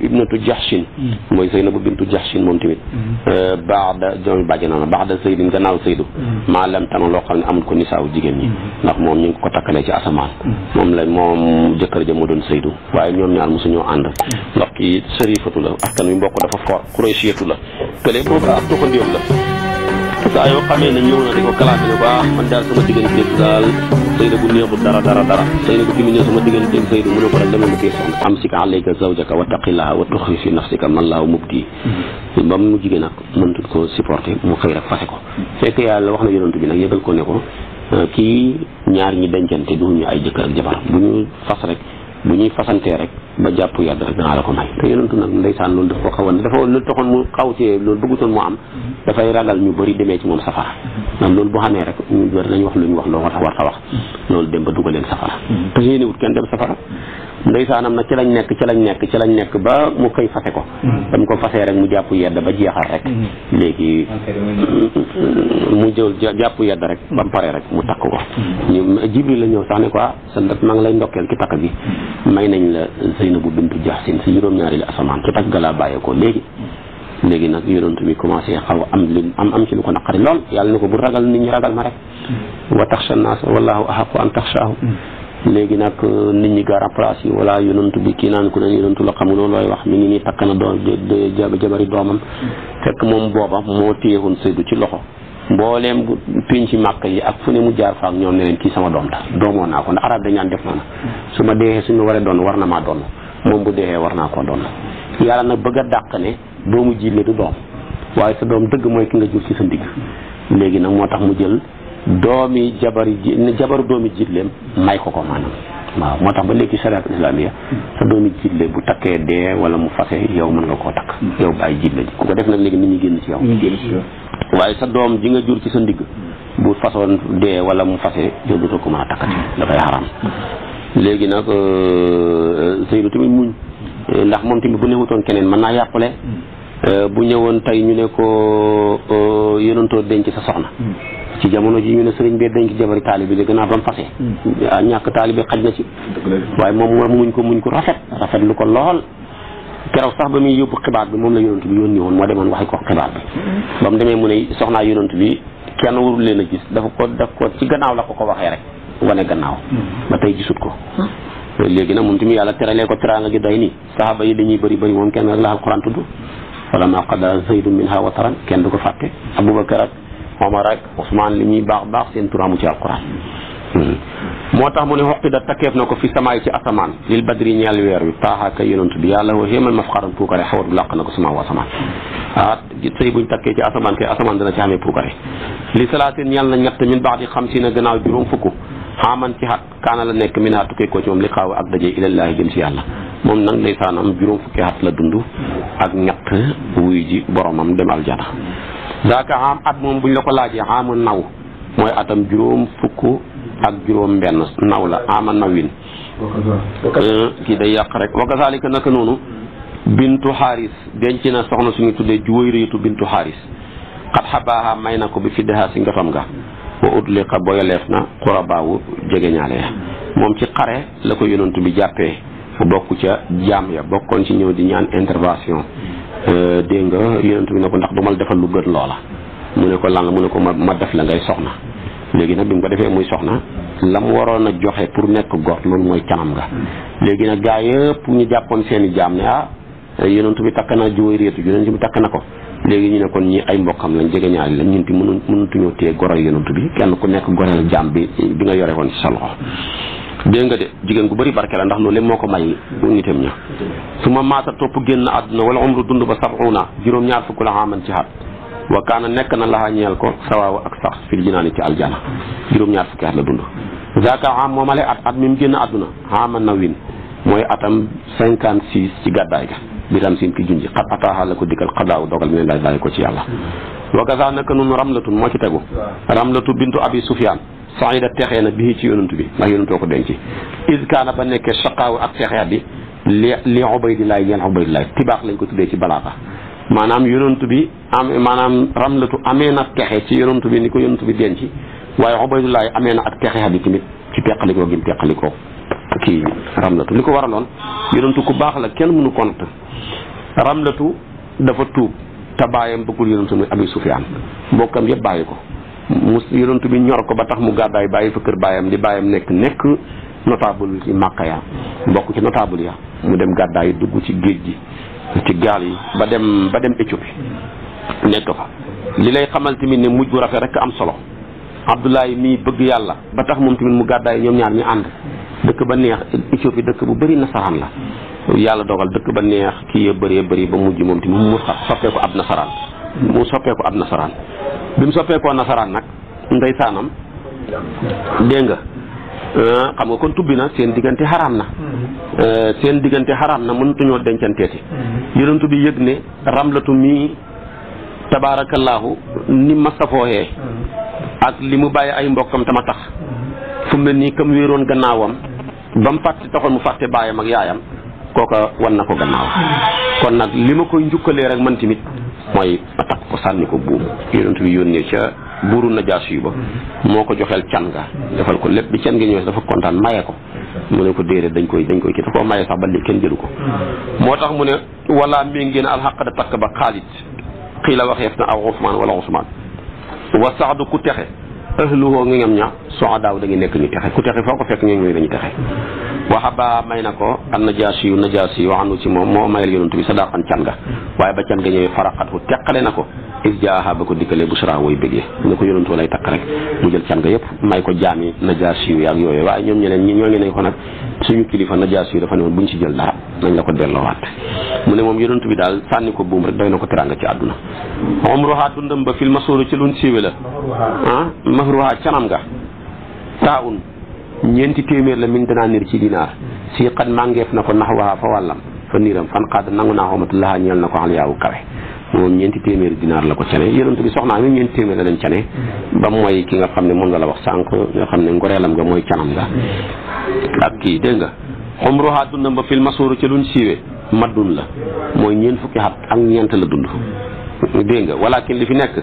ibnatu jaxshin mm. mooy Seynabu bintu jaxshin moom tamit mm. euh, baada joomi bàjjanaana baada seydin gannaaw seydu mm. maa lam tana loo xam ne amul ko nisaaw jigéen ñi ndax moom ñu ngi ko takkalee ci asamaan moom la moom jëkkër ja moo doon seydu waaye ñoom ñaar mosu ñoo ànd ndax kii sërifatu la askan wi mbokk dafa for kuréy siyatu la kële boobu ak toxandiyam la saa yoo xamee ne ñëw na di ko classé bu baax man daal sama digganteeg daal Seydou bu neexul dara dara dara Seydou bu fi mu ñëw sama digganteeg Seydou mu ne ko rek ma kii mu jigéen ko supporté mu xëy rek fase ko mm-hmm. fekk yàlla wax na yonent bi nag yëgal ko ne ko ah, kii ñaar ñi dencante ñu ay jëkkër ak jabar bu ñu fas rek bu ñuy fasantee rek ba jàpp yàgg rek danaa la ko may te yonentu nag ndeysaan loolu dafa ko xawoon dafa lu taxoon mu xawtee loolu bëggutoon mu am dafay ragal ñu bari demee ci moom safara ndax loolu bu xamee rek ñu bëri nañu wax lu ñu wax loo war a war a wax loolu dem ba dugaleen safara te yéene wut kenn dem safara ndeysaanam nag ci lañ nekk ci lañ nekk ci lañ nekk ba mu xëy fase ko dam mm-hmm. ko fasee rek mu jàpp yedd ba jeexal rek mm-hmm. léegi mu jël jàpp yedd rek ba mu paree rek mu takk ko mm-hmm. ñu jibril la ñëw sax ne quoi ah, sa ndëkk maa lay ndokkeel ci takk gi may nañ la Zeynabu bintu Jahsin si juróom-ñaari la asamaan ci takk galaa laa bàyyeekoo léegi léegi nag yonent bi commencé xaw am lu am am ci lu ko naqari lool yàlla ne ko bu ragal nit ñu ragal ma rek wa taxsha naas wallahu ahaqu an léegi nag euh, nit ñi ga remplacé yi wala yonantu bi kii naan ku ne yonantu la xamuloo looy wax mi ngi nii takk na doom jabari doomam fekk moom booba moo téyewoon Seydou ci loxo mbooleem piñ ci màkk yi ak fu ne mu jaar faak ñoom kii sama doom ta doomoon naa ko ndax arab dañaan def noonu su ma deexee suñu waree doon war na maa doon moom bu deexee war naa koo doon yàlla nag bëgg a dàq ne mu jiile du doom waaye sa doom dëgg mooy ki nga jur ci sa ndigg léegi nag moo tax mu jël doomi jabar ji jabaru doomi jiitleem may ko ko maanaam waaw moo tax ba léegi sariat islamiya sa doomi jiitle bu takkee dee wala mu fase yow mën nga koo takk yow bàyyi jiitle ji ku ko def nag léegi nit ñi génn ci yow waaye sa doom ji nga jur ci sa ndigg bu façon dee wala mu fase yow léegi nag euh, sëy tamit muñ ndax moom tamit bu newutoon keneen mën naa yàqule mm. euh, bu ñëwoon tey ñu ne ko euh, yonantoo denc sa soxna mm. ci jamono ji ñu ne sëriñ bee dañ ci jabari taalibe bi gannaaw ba mu fase ñàkk taalibe xaj na ci waaye moom moom muñ ko muñ ko rafet rafet lu ko lool keroog sax ba muy yóbbu xibaar bi moom la yonent bi yónni woon moo demoon waxi ko xibaar bi hmm. ba mu demee mu ne soxnaa yonent bi kenn a la ko ko waxee rek wane gannaaw hmm. ba tey gisut ko hmm. léegi nag moom tamit yàlla teralee ko teraanga gi doy nii saxaaba yi dañuy bëri bëri moom kenn rek la alquran tudd wala ma qadara zaydun minha wataran kenn du ko fàtte abubakar ak Omar ak Ousmane li ñuy baax baax seen tur amu ci alquran hmm. moo tax mu ne xoqida takkeef na ko fi samaay ci asamaan lil badri ñeel weer wi taaxaaka yonent bi yàlla woo xéemal mafxaran puukare xawat bu làq na ko sumaaw asamaan ah sëy buñ takkee ci asamaan kay asamaan dana ci amee puukare li salaatin ñeel na ñett min baax di xam si na gannaaw juróom fukk xaaman ci xat kaana la nekk min xattu ko ci moom li xaaw ak daje ilallaahi jëm si àlla moom nag ndeysaanam juróom fukki xat la dund ak ñett wuy ji boromam dem aljana daaka xaam at moom buñ la ko laajee xaama naw mooy atam juróom fukk ak juróom mbenn naw la xaama nawin euh, kii day yàq rek wa kazalika naka noonu bintu xaaris denc na soxna suñu tuddee juwayritu bintu xaaris xat xabaaha may na ko bi fiddaha si ngatam nga wa utliqa boyaleef na xurabaawu jegeñaale ya moom ci xare la ko yonantu bi jàppee bokk ca jaam ya bokkoon ci ñëw di ñaan intervention euh, dégg nga yonantu bi ne ko ndax du ma la defal lu gën loola mu ne ko lan la mu ne ko ma def la ngay soxna léegi nag bi mu ko defee muy soxna la mu waroon a joxe pour nekk gor loolu mooy canam nga léegi nag gaa yëpp ñu jàppoon seen i jaam ne ah yonantu bi takk na juwéy réetu yonantu bi takk na ko léegi ñu ne kon ñi ay mbokkam lañ jege ñaari lañ ñun ti mënu mënutuñoo téye goral yonantu bi kenn ku nekk goreel jaam bi bi nga yore woon ci sa loxo dégg nga de jigéen gu bëri barke la ndax loolu moo ko may nitam ña su ma maata topp génn àdduna wala umru dund ba sabuna juróom ñaar fukk la xaman ci xat wa kaana nekk na laxa ñeel ko sawaawa ak sax fil jinaani ci aljana juróom ñaar fukki at la dund zaaka moo moomale at at mi mu génn àdduna xaman na win mooy atam cinquante six ci gàddaay ga bi tamsiin ki junj xat ataaxaa la ko dikkal xadaaw dogal mi ne lay bàyyi ko ci yàlla wa kaza naka noonu ramlatun moo ci tegu ramlatu bintu abi sufyaan a texee na bii ci yonantu bi ndax yonantoo ko denc iz kaana ba nekkee shaqaawu ak texeat bi li li ubaydillaay ñeel ubaydillaay tibaax lañ ko tuddee ci balaaxa maanaam yonantu bi am maanaam ramlatu amee na texe ci yonantu bi ni ko yonantu bi denc waaye ubaydillaay amee na ak texeat bi tamit ci teqalikoo gim teqalikoo kii ramlatu li ko waraloon yonentu ku baax la kenn mënu compte ramlatu dafa tuub te baayam bëggul yonentu mi abi sufyaan mbokkam yëpp bàyyi ko mu yonentu bi ñor ko ba tax mu gàddaay bàyyi fa kër baayam li baayam nekk nekk notable ci màkka ya mbokk ci notable ya mu dem gàddaay dugg ci géej gi ci gaal yi ba dem ba dem Éthiopie nekk fa li lay xamal tamit ne mujj bu rafet rek am solo Abdoulaye mii bëgg yàlla ba tax moom tamit mu gàddaay ñoom ñaar ñu ànd dëkk ba neex Éthiopie dëkk bu bari nasaraan la yàlla dogal dëkk ba neex kii ya bëree bëri ba mujj moom tamit mu soppeeku ab nasaraan mu soppeeku ab nasaraan bi mu soppeekoo nasaraan nag ndeysaanam dégg nga ah, xam nga kon tubbi na seen diggante xaraam na mm-hmm. eh, seen diggante xaraam na mënatuñoo dencanteeti mm-hmm. yonent bi yëg ne ramlatu mii tabaarakallaahu ni ma safooyee mm-hmm. ak li mu bàyyi ay mbokkam tama tax fu mu ne nii kam wéeroon gannaawam ba mu fàtte taxoon mu fàtte baayam ak yaayam kooka wan na ko gannaaw kon nag li ma koy njukkalee rek man tamit mooy ma takk ko sànni ko buum yonent bi yónnee ca buuru Najaasi ba moo ko joxeel can ga defal ko lépp bi can gi ñëwee dafa kontaan maye ko mu ne ko déedéet dañ koy dañ koy kii dafa maye sax ba léegi kenn jëlu ko moo tax mu ne wala mi ngeen alxaq da takk ba xaalit xii la waxeef na aw Usmaan wala Usmaan wa sax du ku texe ahluhoo nga ñoom ña soo daaw da ngay nekk ñu texe ku texe foo ko fekk ñooñu lañu texe ba may na ko an najaasi yu najaasi yu waxanu ci moom moo mayal yonent bi sadaqan can nga waaye ba can nga ñëwee faraqat fu teqale na ko is jaaha ba ko dikkalee busra woy bëggee ne ko yonent lay rek mu jël can nga yëpp may ko jaami najaasi yu yaag yooyu waaye ñoom ñeneen ñi ñoo ngi ko nag suñu kilifa najaasi yu dafa ne woon buñ ci jël dara nañ la ko delloowaat mu ne moom yonent bi daal sànni ko buum rek doy na ko teraanga ci àdduna umruha tundam ba fil masuulu ci luñ siiwe la ah mahruha canam ga taa un ñeenti téeméer la min dinaa niir ci dinaar si xat màngeef na ko nax waa fa wàllam fa niiram fan xaat nangu naa xomatullaha ñeel na ko xal yaawu kawe moom ñeenti téeméeri dinaar la ko cane yonent bi soxnaa mi ñeenti téeméer la leen cane ba mooy ki nga xam ne moom la la wax sànq nga xam ne ngoreelam nga mooy canam nga ak kii dégg nga xumruhaa dundam ba fil masuuru ci luñ siiwee maddun la mooy ñeent fukki xat ak ñeent la dund dégg nga walakin li fi nekk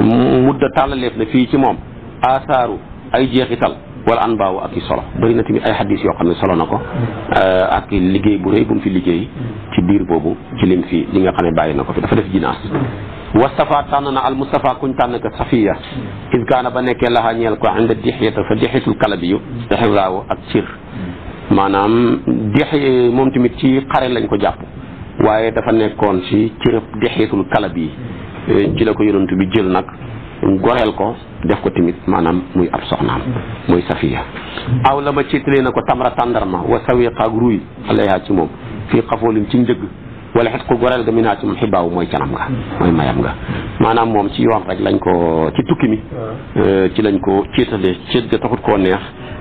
mudda tàllaleef na fii ci moom asaaru ay jeexital wala an baawu ak i solo bëri na tamit ay xaddis yoo xam ne solo na ko euh, ak liggéey bu rëy bu mu fi liggéey ci diir boobu ci lim fi li nga xam ne bàyyi na ko fi dafa def jinaas wastafa tànn na al mustafa kuñ tànn ka safiya iskaana ba nekkee laxaa ñeel ko ànd dixiyata fa dixitul kalabi yu dexiraawu ak cir maanaam dixi moom tamit ci xare lañ ko jàpp waaye dafa nekkoon ci cirëb dixitul kalab yi euh, ci la ko yonantu bi jël nag goreel ko def ko tamit maanaam muy ab soxnaam muy safiya aw la ma ciitalee na ko tamra tàndarma wa sawiqaak ruuy yaa ci moom fii xafoolim ci njëgg wala xet ko goreel ga mi naa ci mooy canam nga mooy mayam nga moom ci yoon rek lañ ko ci tukki mi eh, ci lañ ko ciitalee ciit ga taxut koo neex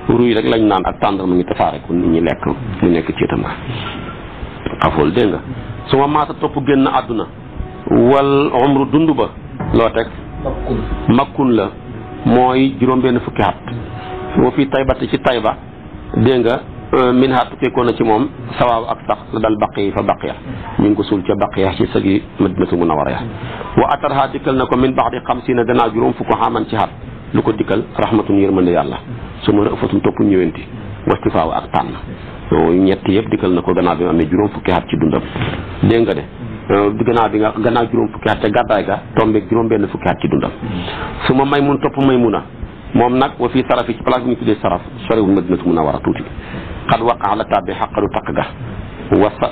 ruuy rek lañ naan ak tàndarma ngi tasaare ko nit lekk mu nekk ciitam nga xafool dégg nga su ma maasa topp génn àdduna wal umru dund ba loo teg makkun la mooy juróom benn fukki at wa fi taybati ci tayba dégg nga euh, min ha tukkeekoo na ci moom sawaaw ak sax la dal yi fa baqiya ñu ngi ko suul ca baqiya ci sëgi madinatu munawara ya wa atarha dikkal na ko min baxdi xamsiina gannaaw juróom fukk xaman ci xat lu ko dikkal rahmatun yërmande yàlla su ma rëfatum topp ñëwenti wastifaaw ak tànn ñett yëpp dikkal na ko gannaaw bi mu amee juróom fukki xat ci dundam dégg nga de Euh, gannaaw bi nga gannaaw juróom fukki at te gàddaay ga tombeeg juróom benn fukki at ci dundam su ma may mun topp may mun a moom nag wa fii sarafi ci place bi ñu tuddee saraf sorewul a munawara tuuti xad waqa la tabbi xaqalu takk ga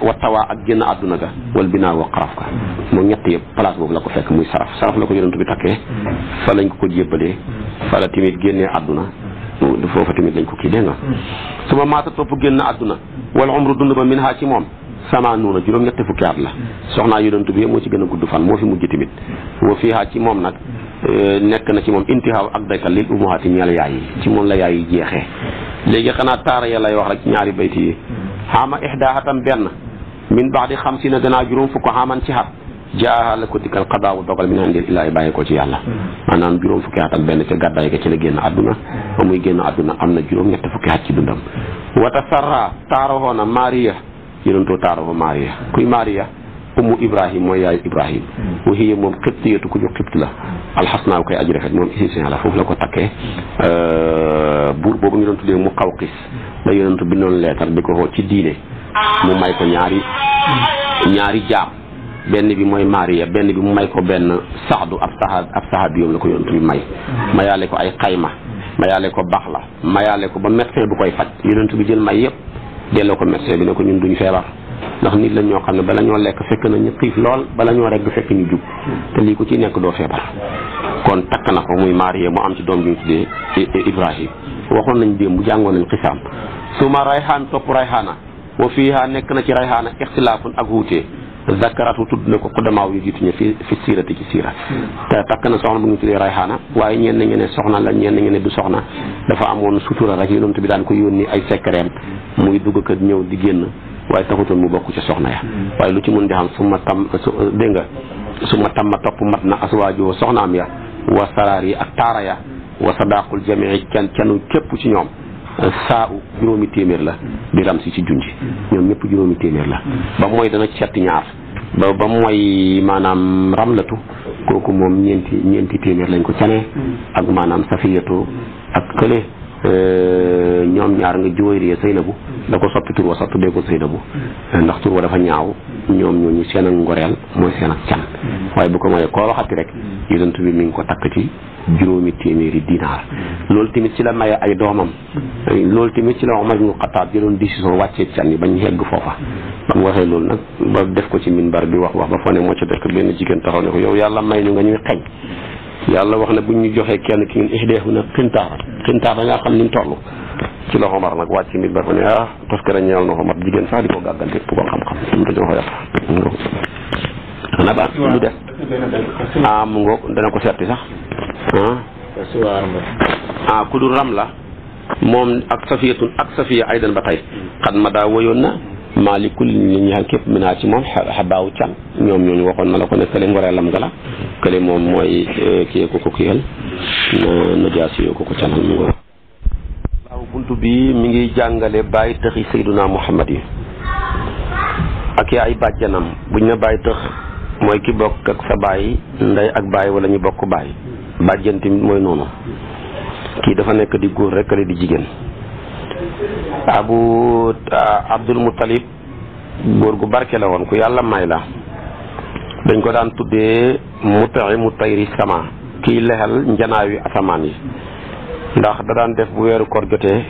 wa tawaa ak génn àdduna ga wal binaa wa xaraf ga moom ñett yëpp place boobu la ko fekk muy saraf saraf la ko yonent bi takkee fa lañ ko ko jébbalee fa la tamit génnee àdduna foofa tamit lañ ko kii dégg nga su ma maata topp génn àdduna wal umru dund ba min haa samaanuuna juróom-ñetti fukki at la soxnaa yonent bi moo ci gën a gudd fan moo fi mujj tamit wa fiihaa ci moom nag eh, nekk na ci moom intihaaw ak daykal lil ummahaati ñeel yaay yi ci moom la yaay yi jeexee léegi xanaa taara ya lay wax rek ñaari bayti yi xaama ihdaahatan benn min baax di xam si ne gannaaw juróom fukk xaaman ci xat jaaha la ko dikkal xadaawu dogal mi naan ndil ilaahi bàyyi ci yàlla maanaam juróom fukki at benn ca gàddaay ga ci la génn àdduna ba muy génn àdduna am na juróom ñett fukki at ci dundam wata taarahoona maria yonentoo taarama maariya kuy maariya ummu ibrahim mooy yaayu ibrahim hmm. wa hiya moom xibtiyatu ku ñu xibt la alxasnaaw koy aji rafet si égyptien la foofu la ko takkee euh, buur boobu ngi doon tuddee mu xaw xis la yonentu bi noonu leetar di ko xool ci diine mu may ko ñaari ñaari jaam benn bi mooy maariya benn bi mu may ko benn saxdu ab saxaab ab saxaabi yoom la ko yonentu bi may hmm. mayaale ko ay xayma mayaale ko baax la mayaale ko ba médecin bu koy faj yonentu bi jël may yëpp delloo ko médecin bi ne ko ñun duñ feebar ndax nit lañ ñoo xam ne bala ñoo lekk fekk nañu xiif lool bala ñoo regg fekk ñu jub te lii ku ci nekk doo feebar kon takk na ko muy marié mu am ci doom bi ñu tuddee Ibrahim waxoon nañ démb jàngoon nañ xisaam suma rayhaan topp rayhaana wa fiiha nekk na ci rayhaana ixtilaafun ak wuutee zakaratu tudd na ko xuddamaaw yu jiitu ñu fi fi siirati ci siira hmm. te takk na soxna bu ñu tuddee rayxaana waaye ñeen nañu soxna la ñeen nañu ne du soxna dafa amoon sutura rek yonent bi daan ko yónni ay sekkereem hmm. muy dugg kër ñëw di génn waaye taxutoon mu bokk ci soxna ya hmm. waaye lu ci mun di xam su ma tam su dégg su ma tam ma topp mat na aswaajoo soxnaam ya wa saraar yi ak taara ya wa sadaqul jamii can canu képp ci ñoom saa u juróomi téeméer la di ram si ci junji ñoom ñëpp juróomi téeméer la ba mooy dana ci setti ñaar ba ba mooy maanaam ramlatu kooku moom ñeenti ñeenti téeméer lañ ko canee ak maanaam safiyatu ak kële Euh, ñoom ñaar nga juwayriya Seynabu da ko soppi tur wa sax tuddee ko Seynabu euh, ndax tur wa dafa ñaaw ñoom ñooñu seen ak ngoreel mooy seen ak can waaye bu ko mayee koo waxati rek yonent bi mi ngi ko takk ci juróomi téeméeri dinaar loolu tamit ci la maye ay doomam loolu tamit ci la Omar ibn Xattaab jëloon décision wàccee can yi bañ yegg foofa ba mu waxee loolu nag ba def ko ci minbar bi wax wax ba foo ne mocco def ko benn jigéen taxaw ne ko yow yàlla may ñu nga ñuy xeñ yàlla wax ne bu ñu joxee kenn ki ñun ihdeehu na xintaara xintaara nga xam ni mu toll ci la xomar nag wàcc mbir ba ko ne ah parce que dañu ñeel na xomar jigéen sax di ko gàggante pour xam-xam ñun dañoo ko yàq. xanaa ba ñu def ah mu ngoog dana ko seeti sax ah. ah ku dul ram la moom ak safiyatun ak safiya aydan ba tey xat ma daa woyoon na. maalikul li ñeel képp minaa ci moom xabaawu can ñoom ñu waxoon na la ko ne kële ngoreelam gala kële moom mooy eh, kiyee ko ko kiyal na najaasi yoo ko ko canal mu bunt bi mi ngi jàngale bàyyi tëxi sayduna muhammad yi ak yaay bàjjanam buñ ne bàyyi tëx mooy ki bokk ak sa baay ndey ak baay wala ñu bokk baay bàjjanti mooy noonu kii dafa nekk di góor rek kële di jigéen abu uh, abdul muttalib góor gu barke la woon ku yàlla may la dañ ko daan tuddee mut'imu tayri sama kiy lexal njanaawi asamaan yi ndax da daan def bu weeru kor jotee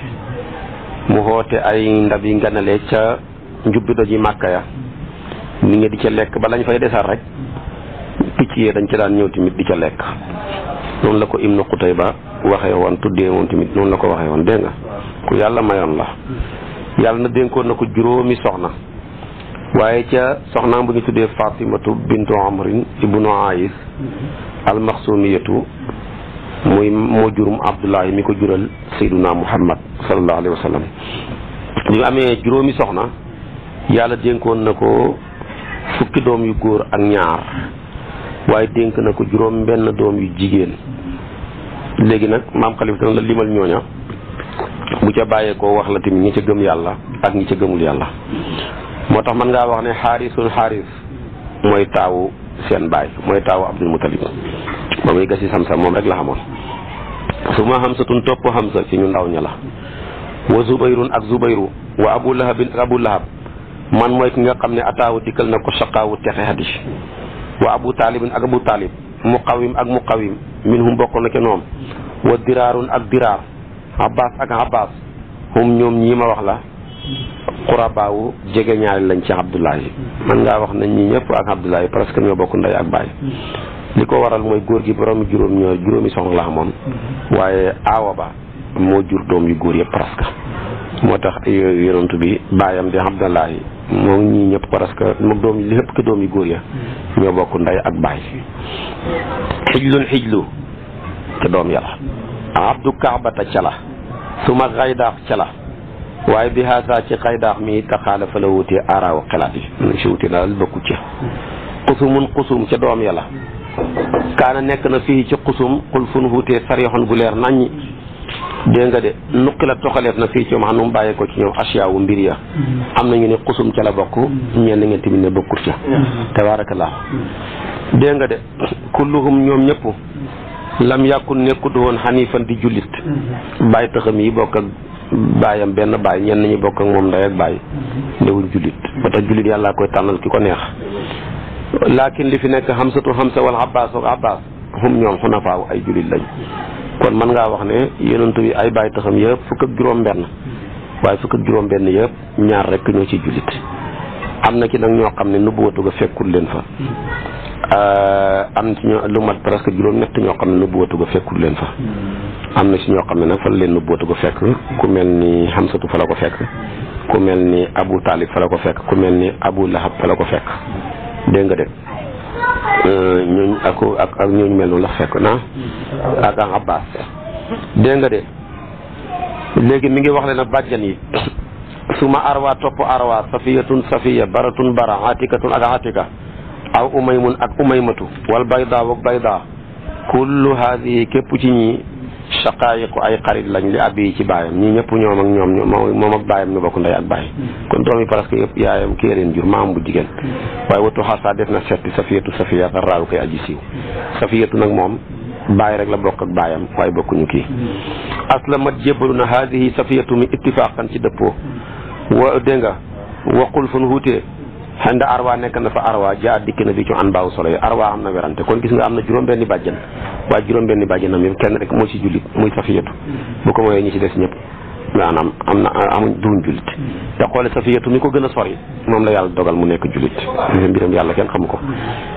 mu xoote ay ndab yi nele ca njubbi doji màkka ya ni nga di ca lekk ba lañ fay desar rek picc yee dañ ca daan ñëw tamit di ca lekk noonu la ko ibnu Qutayba waxee woon tuddee woon tamit noonu la ko waxee woon dégg nga yàlla mayoon la yàlla na dénkoon na ko juróomi soxna waaye ca soxnaam bu ñu tuddee fatimatu bintu amrin ibnu aïs almaxsumiyatu muy moo jurum abdullahi mi ko jural sayduna muhammad sallallahu alayhi wa sallam amee juróomi soxna yàlla dénkoon na ko fukki doom yu góor ak ñaar waaye dénk na ko juróom benn doom yu jigéen léegi nag maam xalifa la limal ñooña bu ca bàyyee ko wax la tamit ñi ca gëm yàlla ak ñi ca gëmul yàlla moo tax man ngaa wax ne xaarisul xaaris mooy taawu seen baay mooy taawu abdul mutalib moom muy gasi samsa moom rek la xamoon su ma xamsatun topp xamsa ci ñu ndaw ña la wa zubayrun ak zubayru wa abu lahabin ak abu lahab man mooy ki nga xam ne ataawu dikkal na ko saqaawu texe hadis wa abu taalibin ak abu taalib muqawim ak muqawim min hum bokk na ca noom wa diraarun ak diraar abbas ak abbas moom ñoom ñii ma wax la xurabaawu jege ñaari lañ ci abdullahi man ngaa wax nañ ñi ñëpp ak abdullahi presque ñoo bokk ndey ak baay li ko waral mooy góor gi boroomi juróom ñoo juróomi soxna la amoon waaye aawa ba moo jur doom yu góor yëpp presque moo tax yonent bi baayam di abdullahi moo ñii ñëpp presque moom doom li lépp ki doom yi góor ya ñoo bokk ndey ak baay xijlun xijlu te doom yàlla abdu kaabata cala suma xaydaax cala waaye bi haasa ci xaydaax mi taxaala fa la wutee aaraawu xelaat yi mun si wutee daal bëkku ci xusumun xusum ca doom ya la kaana nekk na fii ci xusum xul fu nu wutee sarixoon bu leer naññi de nuqi la toxaleef na fii ci wax nu mu bàyyee ko ci ñoom asiyaawu mbir ya mm-hmm. am na ñu ne xusum ca la bokk mm-hmm. ñeen ngeen tamit ne bokkut ca tabaarakallah dégg nga de kulluhum ñoom ñëpp lam yàkkun nekkut woon xanifan di jullit mhm. bàyyi taxam yi bokk ak baayam benn baay ñenn ñi bokk ak moom ndey ak baay mhm. newuñ jullit ba tax jullit yàllaa koy tànnal ki ko neex lakin li fi nekk xamsatu xamsa wal abbas ak abbas hum ñoom xunafaaw ay jullit lañ kon mën ngaa wax ne yonent bi ay bàyyi taxam yëpp fukk ak juróom benn mhm. waaye fukk ak juróom benn yëpp ñaar rekk ñoo ci jullit am na ci nag ñoo xam ne nubuwatu ko fekkul leen fa euh, am ci ñoo lu mat presque juróom ñett ñoo xam ne nubuwatu ko fekkul leen fa hmm. am na ci ñoo xam ne nag fa la leen nubuwatu ko fekk ku mel ni xamsatu fa la ko fekk ku mel ni abu taalib fa la ko fekk ku mel ni abu lahab fa la ko fekk dégg nga de euh, ñooñ ak ak ak ñooñu mel noonu la fekk naa ak hmm. ak abbas dégg de léegi mi ngi wax leen a bàjjan yi suma arwa topp arwa safiyatun safiya bara bara atikatun ak atika aw umaymun ak umaymatu wal bayda wa bayda kullu haadihi képp ci ñi shaqaayiqu ay xarit lañ li abi ci baayam ñii ñëpp ñoom ak ñoom moom ak baayam ñu bokk ndey ak baay kon doom yi parce yëpp yaayam kii leen jur maam bu jigéen waaye watu xaasa def na setti safiyatu safiya raaw koy aji siiw safiyatu nag moom baay rek la bokk ak baayam waaye bokkuñu kii aslamat jébbalu na haadihi safiyatu mi ittifaqan ci dëppoo wa dégg nga waqul fu nu wutee xëy na arwa nekk na fa arwa jaa dikk na bi ci an baaw solo yi arwa am na werante kon gis nga am na juróom-benni bàjjan waaye juróom-benni bàjjanam yëpp kenn rek moo ci jullit muy safiyatu bu ko mooyee ñi ci des maanaam am na amuñ duñ jullit te xoole safiyatu mi ko gën a sori moom la yàlla dogal mu nekk jullit mbiram mbiram yàlla kenn xamu ko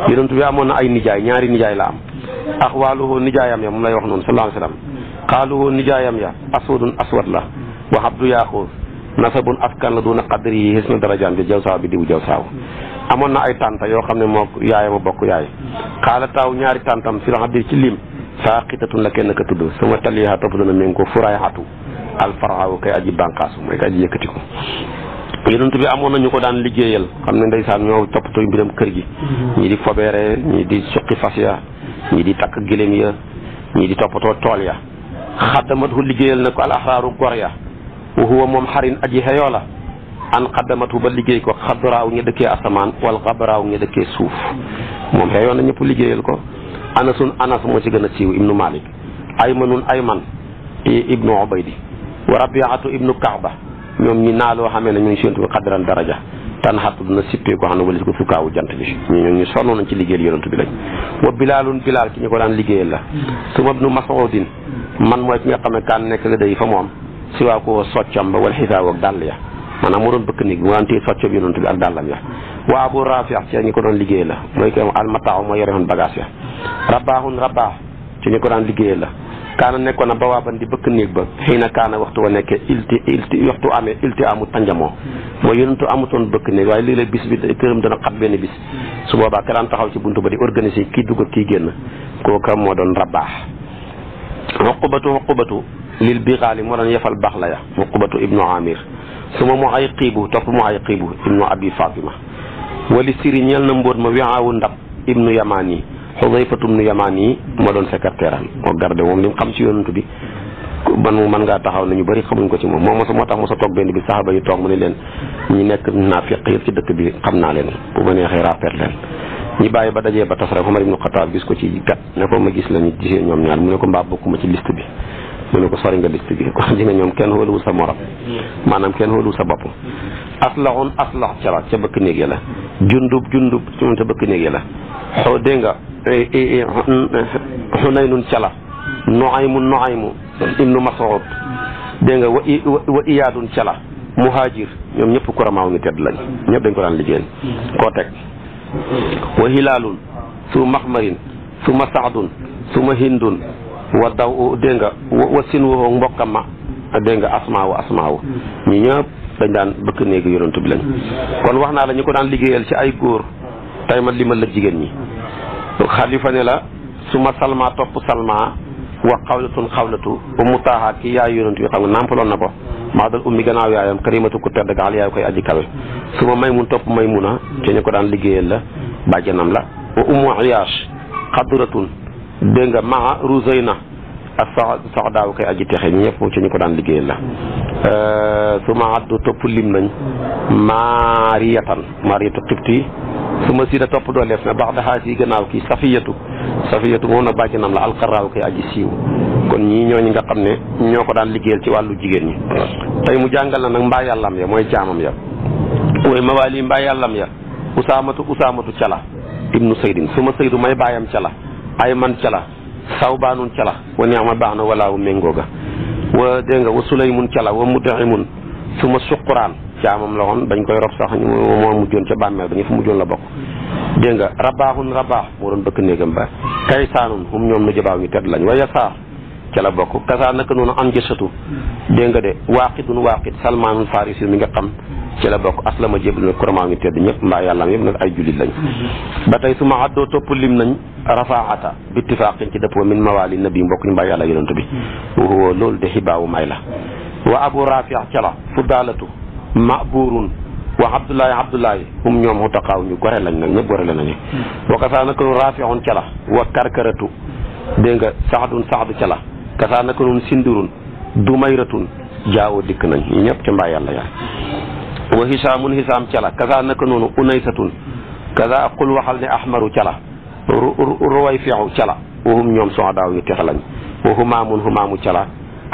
yonent bi amoon na ay nijaay ñaari nijaay la am axwaaluhu nijaayam ya moom lay wax noonu sallallahu alayhi wa sallam xaaluhu nijaayam ya aswadun aswad la wa abdu yaaxuus nasabun askan la duna a yi xis na darajaam bi jaw saaw bi dibu jaw saaw amoon na ay tànta yoo xam ne moo yaayama bokk yaay xaala taaw ñaari tàntam si la xam ci lim saa xitatun la kenn ka tudd suma taliha topp dana méngi ko furaay xatu alfarxaawu kay aji bànqaasu mooy kay aji yëkkati ko yonent bi amoon nañu ko daan liggéeyal xam ne ndeysaan ñoo toppatoo mbiram kër gi ñi di fobeere ñi di suqi na ko al axraaru gor ya wa huwa moom xarin aji xeyoo la an xaddamatu ba liggéey ko xadraaw ña dëkkee asamaan wal xabaraaw ña dëkkee suuf moom xeyoon na ñëpp liggéeyal ko anasun anas moo ci gën a siiw ibnu malik aymanun ayman ibnu ubaydi wa rabiatu ibnu kaaba ñoom ñi naa loo xamee ne ñu ngi séentu xadran daraja tan xattu na sippee ko xam ne walis ko sukkaawu jant bi ñu ñu sonnoon nañ ci liggéeyal yonent bi lañ wa bilaalun bilaal ki ñu ko daan liggéeyal la suma ibnu mas'udin man mooy ki nga xam ne kaan nekk la day fa si waa ko soccam ba wala xisaaw ak dàll ya maanaam moo doon bëkk nit mu daan téye soccam bi ak dàllam ya waa abu ci ñi ko doon liggéey la mooy ko almataaw mooy yore woon bagage ya rabaaxun rabaax ci ñi ko daan liggéey la kaana nekkoon na ba waa ban di bëkk néeg ba xëy na kaana waxtu wa nekkee ilti ilti waxtu amee ilti amul tanjamoo mooy yonentu amutoon bëkk néeg waaye léeg-léeg bis bi këram dana xat benn bis su boobaa ka daan taxaw ci bunt ba di organiser kii kii génn kooka moo doon rabaax lil bixaali moo doon yefal baax la ya uqubatu ibnu amir su ma mu ay xiibu topp mu ay xiibu ibnu abi fatima wali siri ñeel na mbóot ma wiaawu ndab ibnu yamaan yi xudayfatu ibnu yamaan yi moo doon secrétaire am moo garde moom li mu xam ci yonantu bi man mu mën ngaa taxaw na ñu bari xamuñ ko ci moom moom mosa moo tax mosa toog benn bi saxaaba yi toog mu ne leen ñi nekk naafiq yëpp ci dëkk bi xam naa leen bu ma neexee rappel leen ñi bàyyi ba dajee ba tas rek Omar gis ko ci ne ko ma gis la ñu gisee ñoom ñaar mu ne ci liste bi ñu ne ko sori nga liste bi kon di nga ñoom kenn xooluwul sa morom hmm. maanaam kenn xooluwul sa bopp aslaxun aslax ca la ca bëkk néeg ya la jundub jundub moom ca bëkk néeg ya la xoo dégg nga xunaynun eh, eh, eh, ca la ibnu mas'ud dégg wa iyaadun ca la ñoom ñëpp kuramaaw ñu tedd lañ ñëpp dañ ko daan liggéey koo teg wa hilaalun su maxmarin su ma saxdun su ma hindun wa daw dégg nga wa sinwoo mbokkam ma dégg nga asmaawu asmaawu ñi ñëpp dañ daan bëkk néeg yonantu bi lañ kon wax naa la ñu ko daan liggéeyal ci ay góor tey ma limal la jigéen ñi xalifa ne la su ma salma topp salma wa xawlatun xawlatu ummu taaha ki yaay yonantu bi xam nga nàmpaloon na ko maa dal ummi gannaaw yaayam karimatu ku tedd gaal yaay koy aji kawe su ma maymun topp maymuna ci ñu ko daan liggéeyal la bàjjanam la wa ummu iyaash xadratun dégg nga maa rusey na ak sax sax daaw koy aji texe ñëpp ci ñu ko daan liggéeyal la euh, su ma addu topp lim nañ maariyatan maariyatu xibti su ma siida topp dooleef na baax daxaa si gannaaw kii safiyatu safiyatu moom na bàcc nam la alkaraaw koy aji siiw kon ñii ñooñu nga xam ne ñoo ko daan liggéeyal ci wàllu jigéen ñi tey mu jàngal na nag mbaa yàllam ya mooy jaamam ya way mawaali mbaa yàllam ya usaamatu usaamatu cala ibnu saydin su ma saydu may baayam cala ay man cala sawbaanun cala wa ma baax na walaawu méngooga wa dégg nga wa sulaymun cala wa mud'imun suma suquraan caamam la woon bañ koy rob sax ñu moo mujjoon ca bàmmeel ba ñu mujjoon la bokk dégg nga rabaaxun rabaax moo doon bëkk néegam ba kaysaanun hum ñoom nu jabaaw ñu tedd lañ wa yasaar ca la bokk kasaa naka noonu am jësatu dégg nga de waaqidun waaqid salmaanul farisi mi nga xam ci la bokk aslama jébal na kuramaa ngi tedd ñëpp mbaa yàllaam yëpp nag ay jullit lañ ba tey su ma àddoo topp lim nañ rafaata bi ittifaaqin ci dëppoo min mawaali nabi mbokk ñu mbaa yàlla yonent bi woo loolu la wa la fudaalatu maburun wa abdullahi ñu gore lañ nag ñëpp gore la nañu wa kasaa naka noonu rafiun ca la wa karkaratu dégg nga saxdun saxdu kasaa naka noonu sindirun du mayratun jaawo dikk nañ ñu ñëpp ca mbaa yàlla yaa wa hisaamun hisaam cala kasaa naka noonu unaysatun kasaa qul waxal ne ahmaru cala ruway fexu cala wahum ñoom soxadaaw yu texe lañ wa humaamun humaamu cala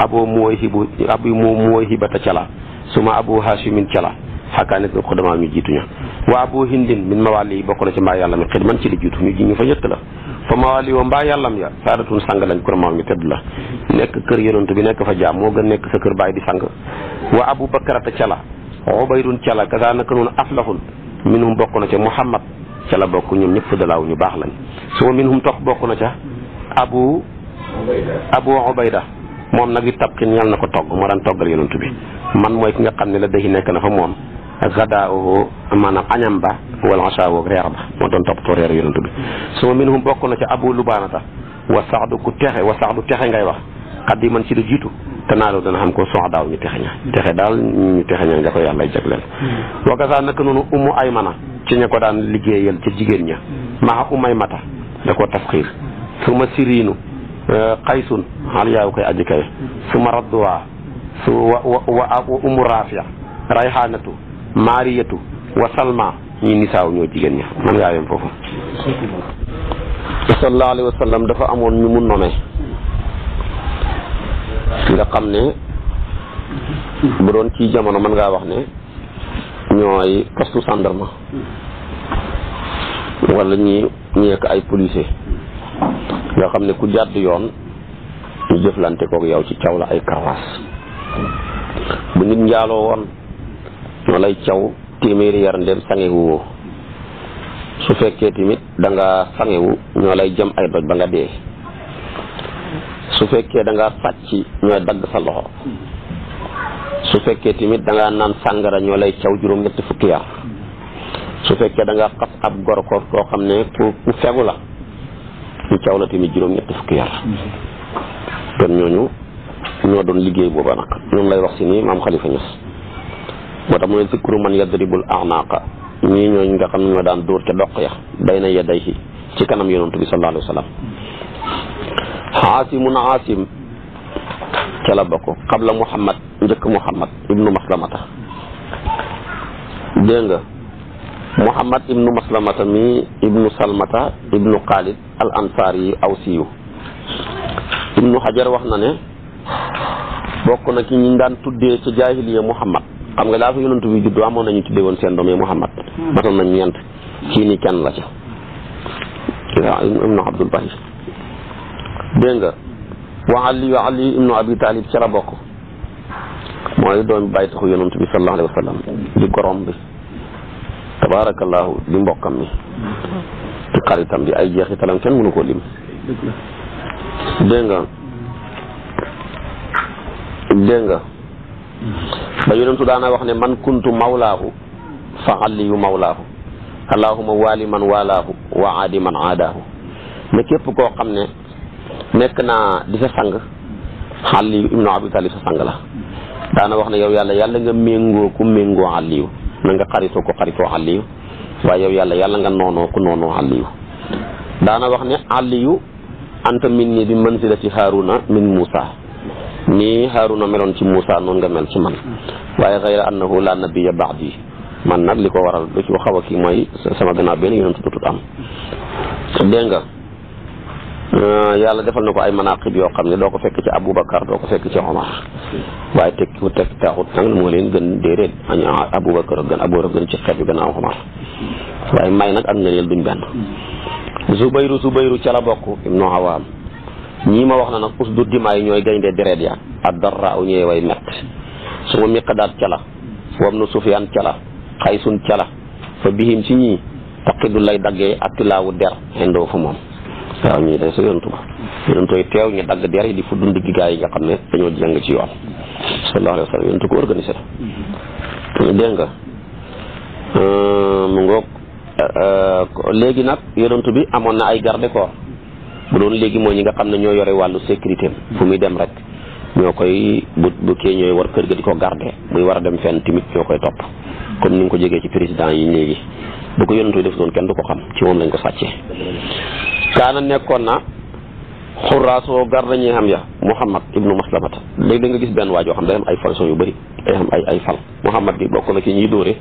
abo muwoy hibu abu mu muwoy hibata cala suma abu hashimin cala xakaanis na ko damaa ñu jiituña wa abu hindin min mawali yi bokk na ci mbaa yàlla mi xidman ci li jiitu ñu ji ñu fa yëtt la fa mawaali mbaa yàllam ya saadatun sang lañ ko maam mi tedd la nekk kër yonent bi nekk fa jaam moo gën nekk sa kër baay di sang wa abu bakarata cala ubaydun cala kasaa naka noonu aflahun minhum bokk na ca muhammad cala bokk ñoom ñëpp fadalaaw ñu baax lañ suma minhum tox bokk na ca abu abu ubayda moom nag i tabkin yàlla na ko togg moo daan toggal yonent bi man mooy ki nga xam ne la day nekk na fa moom gadaahu a añam ba wala asaawu ak reer ba moo doon toppatoo reer yonent bi suma minhum bokk na ca abu lubaanata wa sax saxdu ku texe wa sax saxdu texe ngay wax xaddi man ci lu jiitu te naaloo dana xam ko sox daaw ñu texe ña texe daal ñu texe ña nga ko yàlla jagleel wagasaa naka noonu umu ay mana ci ña ko daan liggéeyal ca jigéen ña maxa umay mata da ko tafxiir suma siriinu xaysun euh, xaal yaaw koy aji kawe suma radduwaa su wa wa wa umu raafia rayxaanatu maariyatu wa salma ñi nisaaw ñoo jigéen ña man ngaa yem foofu sallallahu alayhi wa sallam dafa amoon ñu mu nome nga xam ne bu doon ci jamono mën ngaa wax ne ñooy postu gendarme wala ñi ñu nekk ay policier nga xam ne ku jàdd yoon ñu jëflante kook yow ci caw la ay karwaas bu nit njaaloo woon ñoo lay caw téeméeri yar ndéem sangewu su fekkee tamit da nga sangewu ñoo lay jëm ay doj ba nga dee su fekkee danga nga sàcc ñooy dagg sa loxo su fekkee tamit danga naan sàngara ñoo lay caw juróom ñetti fukki yar su fekkee danga nga xas ab gor koo xam ne ku ku fegu la ñu caw la tamit juróom ñetti fukki yar kon ñooñu ñoo doon liggéey booba nag ñoom lay wax si nii maam Khalifa Niass moo tax mu man zikru man yadribul anaqa ñii ñooñu nga xam ne ñoo daan dóor ca doq ya bayna yadayhi ci kanam yonantu bi sallallahu alayhi wa sallam aasimun aasim ca la bokk qabla muhammad njëkk muhammad ibnu maslamata dégg nga muhammad ibnu maslamata mi ibnu salmata ibnu xaalid al ansaari awsiyu ibnu hajar wax na ne bokk na ki ñu daan tuddee ci jaahiliya muhammad xam nga laa fa yonantu bi juddu amoon nañu tuddee woon seen doom yi Muhammad hmm. matoon nañ ñeent kii ni kenn la ca waaw Abdul Bahis dégg nga wa Ali wa Ali ibnu Abi Talib ca la bokk mooy doom bàyyi taxu yonantu bi sallallahu alayhi wa sallam di gorom bi tabarakallahu di mbokkam mi di xaritam bi ay jeexitalam kenn mënu ko lim dégg nga ba yonentu daana wax ne man kuntu mawlaahu fa aliyu mawlaahu allahuma waali man waalaahu wa aadi man aadaahu ne képp koo xam ne nekk naa di sa sang aliyu ibnu abi talib sa daana wax ne yow yàlla yàlla nga méngoo ku méngoo aliyu na nga xaritoo ko xaritoo aliyu waaye yow yàlla yàlla nga noonoo ku noonoo aliyu daana wax ne aliyu anta min ni bi manzilati haaruna min muusa nii Haaruna meloon ci Moussa noonu nga mel ci man waaye xayra annahu laa baax ba'di man nag li ko waral lu ci xaw a kii mooy sama gannaaw benn yonent tutut am dégg euh, yàlla defal na ko ay manaqib yoo xam ne doo ko fekk ci Aboubacar doo ko fekk ci Omar waaye tekkiwu tekk taxut nag moo leen gën déedéet añ Aboubacar gën Aboubacar gën ci xeet bi gën a am Omar waaye may nag ak ngëneel duñ benn Zubayru Zubayru ca la bokk ibnu Awaam ñii ma wax na nag us du dimaay ñooy gaynde deret ya ak darra u ñëwee way mett su ma miqdaat cala wam nu sufyaan cala xaysun cala fa bihim ci ñii taqidu lay daggee ak tilaawu der indoo fa moom waaw ñii de sa yontu ba yontu teew ñu dagg der yi di fu dund gi gaa yi nga xam ne dañoo jàng ci yoon sallallahu alayhi wa sallam ko organisé la dégg nga mu ngoog euh, euh, léegi nag yontu bi amoon na ay garde corps bu doon léegi mooy ñi nga xam ne ñoo yore wàllu sécurité bu muy dem rek ñoo koy bu bu kee ñooy war kër ga di ko garder muy war dem fenn tamit ñoo koy topp comme ni nga ko jegee ci président yi léegi bu ko yonentu def doon kenn du ko xam ci moom lañ ko sàccee kaana nekkoon na xuraasoo garde ñi xam ya Muhammad ibnu Maslamata léegi da nga gis benn waajoo xam day am ay falson yu bari day am ay ay fal Muhammad bi bokk na ci ñuy dóore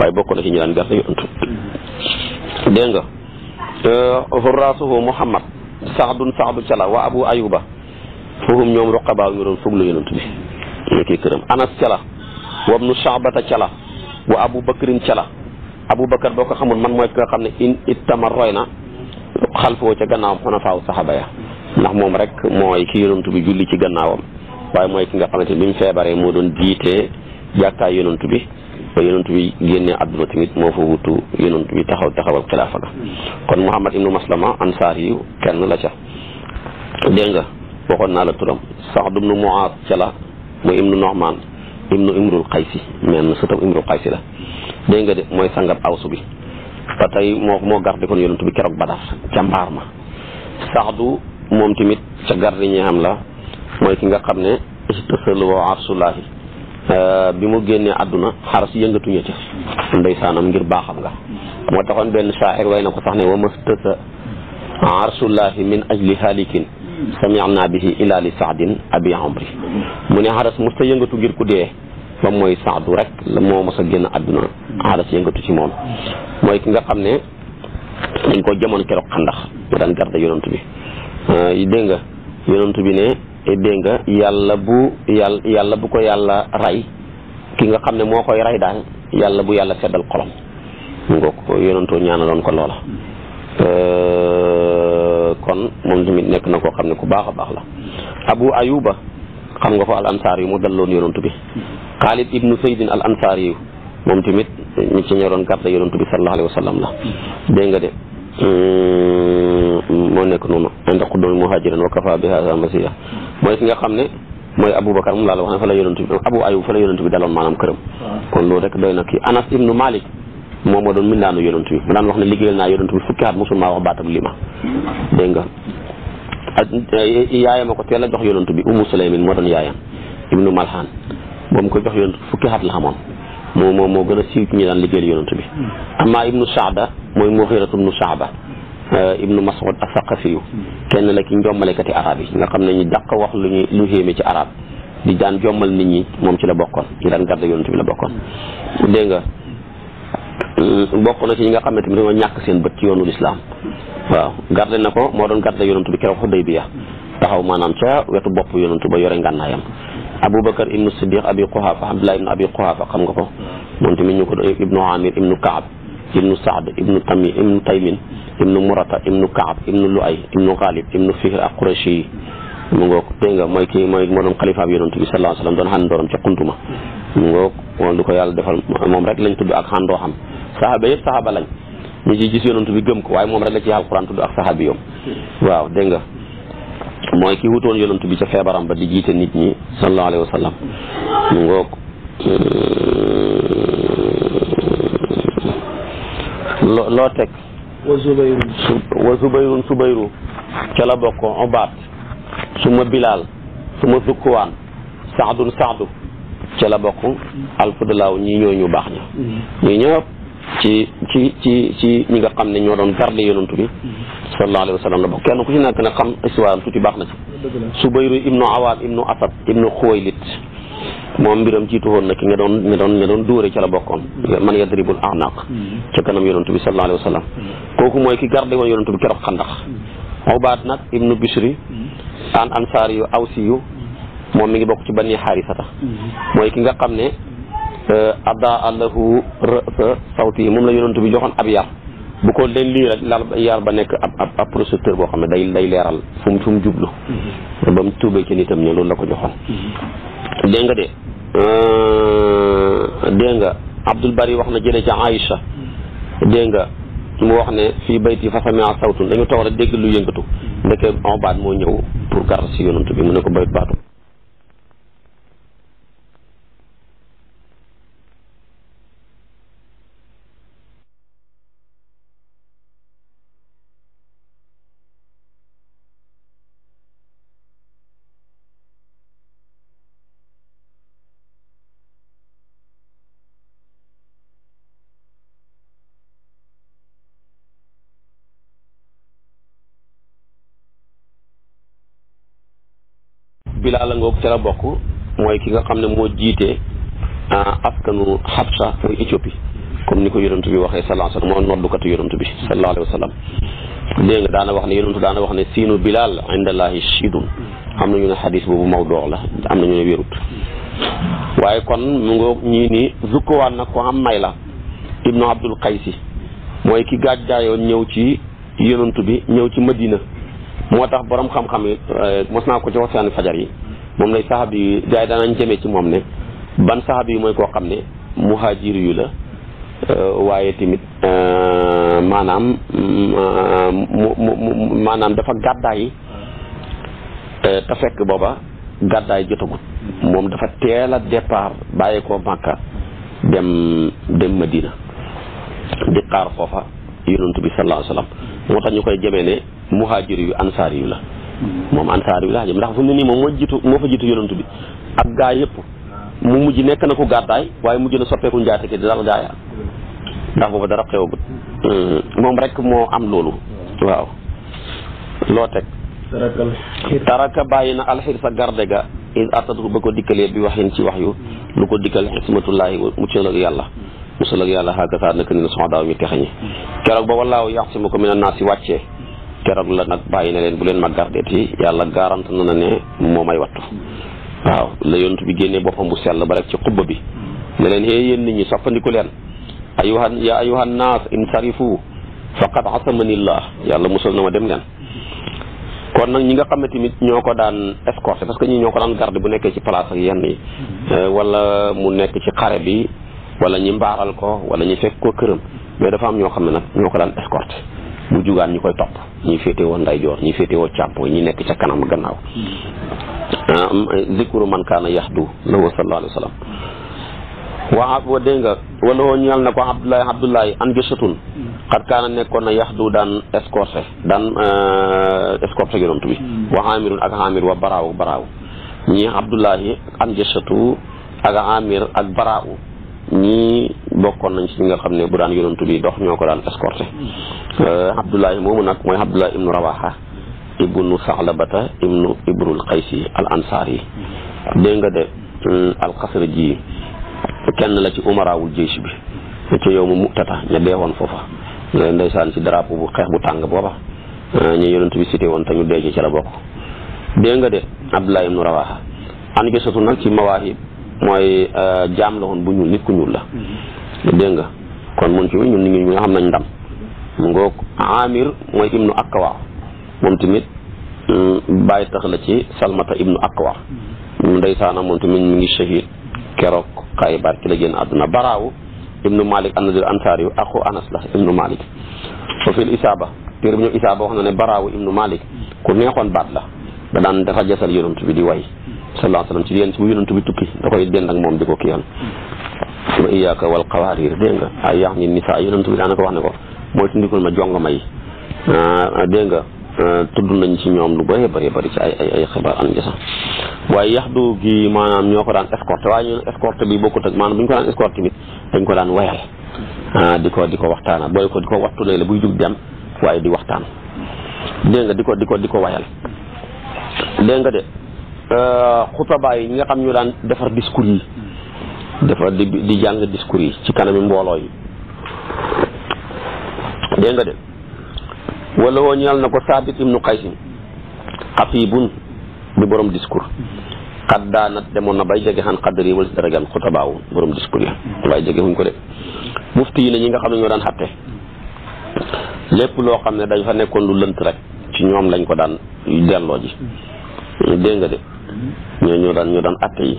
waaye bokk na ci ñu daan garde yonentu dégg nga euh, xuraasuhu Muhammad saxdun saxdu cala waa abu ayuba foofu ñoom roqabaa ñu doon fuglu yonent bi nekkee këram anas cala wa ibnu shaabata cala wa abu bakrin cala abu bakar boo ko xamul man mooy ki nga xam ne in ittama roy na xalfoo ca gannaawam xonafaaw saxaba ya ndax moom rek mooy ki yonent bi julli ci gannaawam waaye mooy ki nga xamante ni bi mu feebaree moo doon jiitee jàkkaay yonent bi ba yonent bi génnee àdduna tamit moo fa wutu yonent bi taxaw taxawal xilaafa ga kon Muhammad ibnu Maslama ansaar yi kenn la ca dégg nga waxoon naa la turam du ibnu Muaaz ca la mooy ibnu Nu'maan ibnu Imrul Qaysi men sëtam Imrul Qaysi la dégg nga de mooy sangab awsu bi ba tey moo moo garde kon yonent bi keroog Badar ca mbaar ma saxdu moom tamit ca garde ñi am la mooy ki nga xam ne istasalu wa arsulaahi Euh, bi mu génnee àdduna xaras yëngatuñu ci ndeysaanam ngir baaxam nga moo taxoon benn saahir way na ko sax ne wa mastasa arsullahi min ajli halikin sami'na bihi ila li saadin abi amri mu ne xaras musta yëngatu ngir ku dee ba mooy saadu rek la moo mos a génn àdduna xaras yëngatu ci moom mooy ki nga xam ne dañ ko jamoon keroog xandax mu daan garda yonantu bi euh, dégg nga yonantu bi ne Eh, dégg nga yàlla bu yàlla yàlla bu ko yàlla rey ki nga xam ne moo koy rey daal yàlla bu yàlla seddal xolom ngoog yonantoo ñaanaloon ko loola euh, kon moom tamit nekk na koo xam ne ku baax a baax la abu ayuba xam nga ko al ansaar yu mu dalloon yonantu bi xaalid ibnu saydin al ansaar moom tamit ñi ci ñoroon garda yonantu bi sallallahu alayhi la dégg nga de hmm, moo nekk noonu inde xuddomi muhajiran wa kafa bi hada masiya mooy ki nga xam ne mooy aboubacar moom laa la wax ne fa la yonent bi abou ayub fa la yonent bi daloon maanaam këram kon loolu rek doy na kii anas ibnu malik moom moo doon mbindaanu yonent bi mu daan wax ne liggéeyal naa yonent bi fukki at musul maa wax baatam lima dégg nga ak eh, yaayam a ko teel a jox yonent bi umu sulaymin moo doon yaayam ibnu malhan ba mu ko jox yonent bi fukki at la xamoon moo moo moo gën a siiw ci ñi daan liggéeyal yonent bi hmm. amaa ibnu saada mooy muxiratu ibnu saaba Euh, ibnu Mas'ud ak Saqafiyu kenn la ki njommalekati arab yi nga xam ne ñu dàq wax lu ñuy lu xéeme ci arab di daan jommal nit ñi moom ci la bokkoon ñu daan gàdda yonent bi la bokkoon dégg nga mm, bokk na ci ñi nga xam ne tamit dañoo ñàkk seen bët ci yoonu lislaam waaw garde na ko moo doon garde yonantu bi keroog Xudaybiya taxaw maanaam ca wetu bopp yonantu ba yore ngànnaayam Aboubacar ibnu Siddiq abi Quhafa Abdullah ibnu abi Quhafa xam nga ko moom tamit ñu ko doon ibnu Amir ibnu Kaab ibnu Saad ibnu Tami ibnu Taymin ibnu murata ibnu kaab ibnu luay ibnu xaalib ibnu fihr ak qurashi yi mu nga mooy ki mooy moo doon xalifaab yonent bi sallallahu alayhi wasallam doon xàndooram ca xuntuma mu moom lu ko yàlla defal moom rek lañ tudd ak xàndoo xam saxaaba yëpp saxaaba lañ ñu ci gis yonent bi gëm ko waaye moom rek la ci alquran tudd ak saxaabi yoom waaw dégg nga mooy ki wutoon yonent bi ca feebaram ba di jiite nit ñi sallallahu alayhi wasallam mu ngoog euh, loo teg wa zubayrun wa zubayrun subayru ca la bokk obaat suma bilaal suma sukkuwaan saadun saadu ca la bokk alfudalaaw ñi ñooy ñu baax ña mm-hmm. ñuy ñëpp ci ci ci ci ñi nga xam ne ñoo doon garde yonantu bi mm-hmm. sallallahu alayhi wa sallam la bokk kenn ku ci nekk nag xam histoire tuuti baax na ci subayru ibnu awaal ibnu asad ibnu xuwaylit moom mbiram jiitu woon na ki nga doon nga doon nga doon dóore ca la bokkoon man yadribul anaq ca kanam yonantu bi sallallahu alayhi wa sallam kooku mooy ki garde woon yonantu bi keroog xandax Ubaad nag ibnu Bishri an ansaari yu awsi yu moom mi ngi bokk ci bani xaarisata mooy ki nga xam ne euh, addaa lahu rasa yi moom la yonantu bi joxoon ab yar bu ko leen lii rek laal yar ba nekk ab ab ab boo xam ne day day leeral fu mu fu mu jublu mm-hmm. ba mu tuubee ci nitam ne loolu la ko joxoon mm-hmm. dégg nga de Euh, dégg nga Abdul Bari wax na jëlee ca Aïcha dégg nga mu wax ne fii bayti fa sami'a sawtun dañu toog rek dégg lu yëngatu mm. ndeke Obad moo ñëw pour gar si yonantu bi mu ne ko bayt baatu bilaal ngoog ca la bokk mooy ki nga xam ne moo jiite askanu Habsa muy Éthiopie comme ni ko yonent bi waxee sallallahu alayhi wa sallam moo noddukatu yonent bi sallallahu alayhi wa sallam dégg daana wax ne yonent daana wax ne siinu bilaal indallaahi shiidun am na ñu ne xadis boobu mawduu la am na ñu ne waaye kon mu ngoog ñii ni zukkuwaan nag ko am may la ibnu abdul qaysi mooy ki gàjjaayoon ñëw ci yonent bi ñëw ci madina moo tax borom xam-xam eh, mos naa ko ci waxtaani fajar yi moom lay saxaabi yu gars yi daanañ jëmee ci moom ne ban saxaabi yu mooy koo xam ne muhaajir yu la euh, waaye tamit euh, maanaam mu maanaam dafa gàddaay euh, te fekk booba gàddaay jotagut moom dafa teel a départ bàyyi ko Màkka dem dem Madina di xaar foofa yonantu bi sallallahu alayhi wa sallam moo tax ñu koy jëmee ne muhaajir yu ansaar yu la moom ansaari bi laa jëm ndax fu mu nii moom moo jiitu moo fa jiitu yonantu bi ak gaa yëpp mu mujj nekk na ku gàddaay waaye mujj na soppeeku njaateke di dal gaa ya ndax boobu dara xewagut mm. moom rek moo am loolu waaw loo teg taraka bàyyi na alxirsa garde ga is attatu ba ko dikkalee bi waxin ci wax yu lu ko dikkal xismatullaahi mu ak yàlla musal ak yàlla nekk naka ni na soxdaaw mi texañi keroog ba wallaahu yaxsimuka mina naasi wàccee keroog la nag bàyyi ne leen bu leen ma gardeeti yàlla garant na na ne moo may wattu waaw la yont bi génnee boppam bu sell ba rek ci xubba bi ne leen xee yéen nit ñi soppandiku leen ayuha ya ayuha naas in sarifu faqad asamanillah yàlla musal na ma dem leen kon nag ñi nga xam ne tamit ñoo ko daan escorté parce que ñi ñoo ko daan garde bu nekkee ci place ak yenn yi euh, wala mu nekk ci xare bi wala ñi mbaaral ko wala ñi fekk ko këram mais dafa am ñoo xam ne nag ko daan escorté mu jugaan ñi koy topp ñi féete woo ndeyjoor ñi féete woo càmpo ñi nekk ca kanam gannaaw zikru man kaana yaxdu lahu sallallahu alayhi wa sallam wa dégg nga wala woo ñal na ko abdullahi abdullahi an gisatun xat kaana nekkoon na yaxdu daan escorté daan euh, escorté yonent bi wa amirun ak amir wa baraaw baraaw ñi abdullahi an gisatu ak amir ak baraaw ñi bokkoon nañ si ñi nga xam ne bu daan yonantu bi dox ñoo ko daan escorté euh, abdoulahi moomu nag mooy abdoulahi ibnu rawaxa ibnu saxlabata ibnu ibrul qaysi al ansaar yi dégg nga de euh, alxasra ji kenn la ci umaraawul jeysi bi ci yow mu mutata ña dee woon foofa euh, ndeysaan ci drapeau bu xeex bu tàng booba ñu yonent bi cité woon te ñu ci la bokk dégg nga de abdoulahi ibnu rawaxa an gisatu nag ci mawaahib mooy jaam la woon bu ñuul nit ku ñuul la dégg nga kon mun ci ñun ñu nga xam nañ ndam mu ngoog amir mooy ibnu akwa moom tamit mm, bàyyi tax la ci salmata ibnu akwa mu ndeysaana moom tamit mu ngi shahid keroog xaybar ki la génn àdduna baraawu ibnu malik anadil ansaar yu axu anas la ibnu malik fa fil isaaba téere bu ñu neexoon baat la da daan dafa jasal yonent bi di way sallallahu alayhi wa sallam ci yéen bu yonent bi tukki da koy dend moom di ko kiyal wa iyaaka wal xawaarir dégg nga ay yax ni nisaa yonent bi daanaka wax ne ko mooy tundikul ma jong ma yi ah, dégg nga ah, tudd nañ ci ñoom lu bëree bëri bëri ci ay ay ay xibaar an jasa waaye yax du gi maanaam ñoo ko daan escorté waaye ñun escorté bi bokkut ak maanaam bu ko daan escorté bi dañ ko daan wayal ah, di ko di ko waxtaana booy ko di ko waxtu lay la buy jug dem waaye di waxtaan dégg nga di ko di ko di ko wayal dégg nga de xutabaay yi ñi nga xam ñu daan defar discours yi dafa di di jàng discours yi ci kanami mboolooy yi de wala woo ñeel na ko saabit ibnu qaysin xafibun di borom discours xat daanat demoon na bay jege xan xaddar yi wala si darajal xutabaawu borom discours ya waaye jege wuñ ko de mufti yi ne ñi nga xam ne ñoo daan ate lépp loo xam ne dañ fa nekkoon lu lënt rek ci ñoom lañ ko daan delloo ji dégg de ñoo ñoo daan ñoo daan yi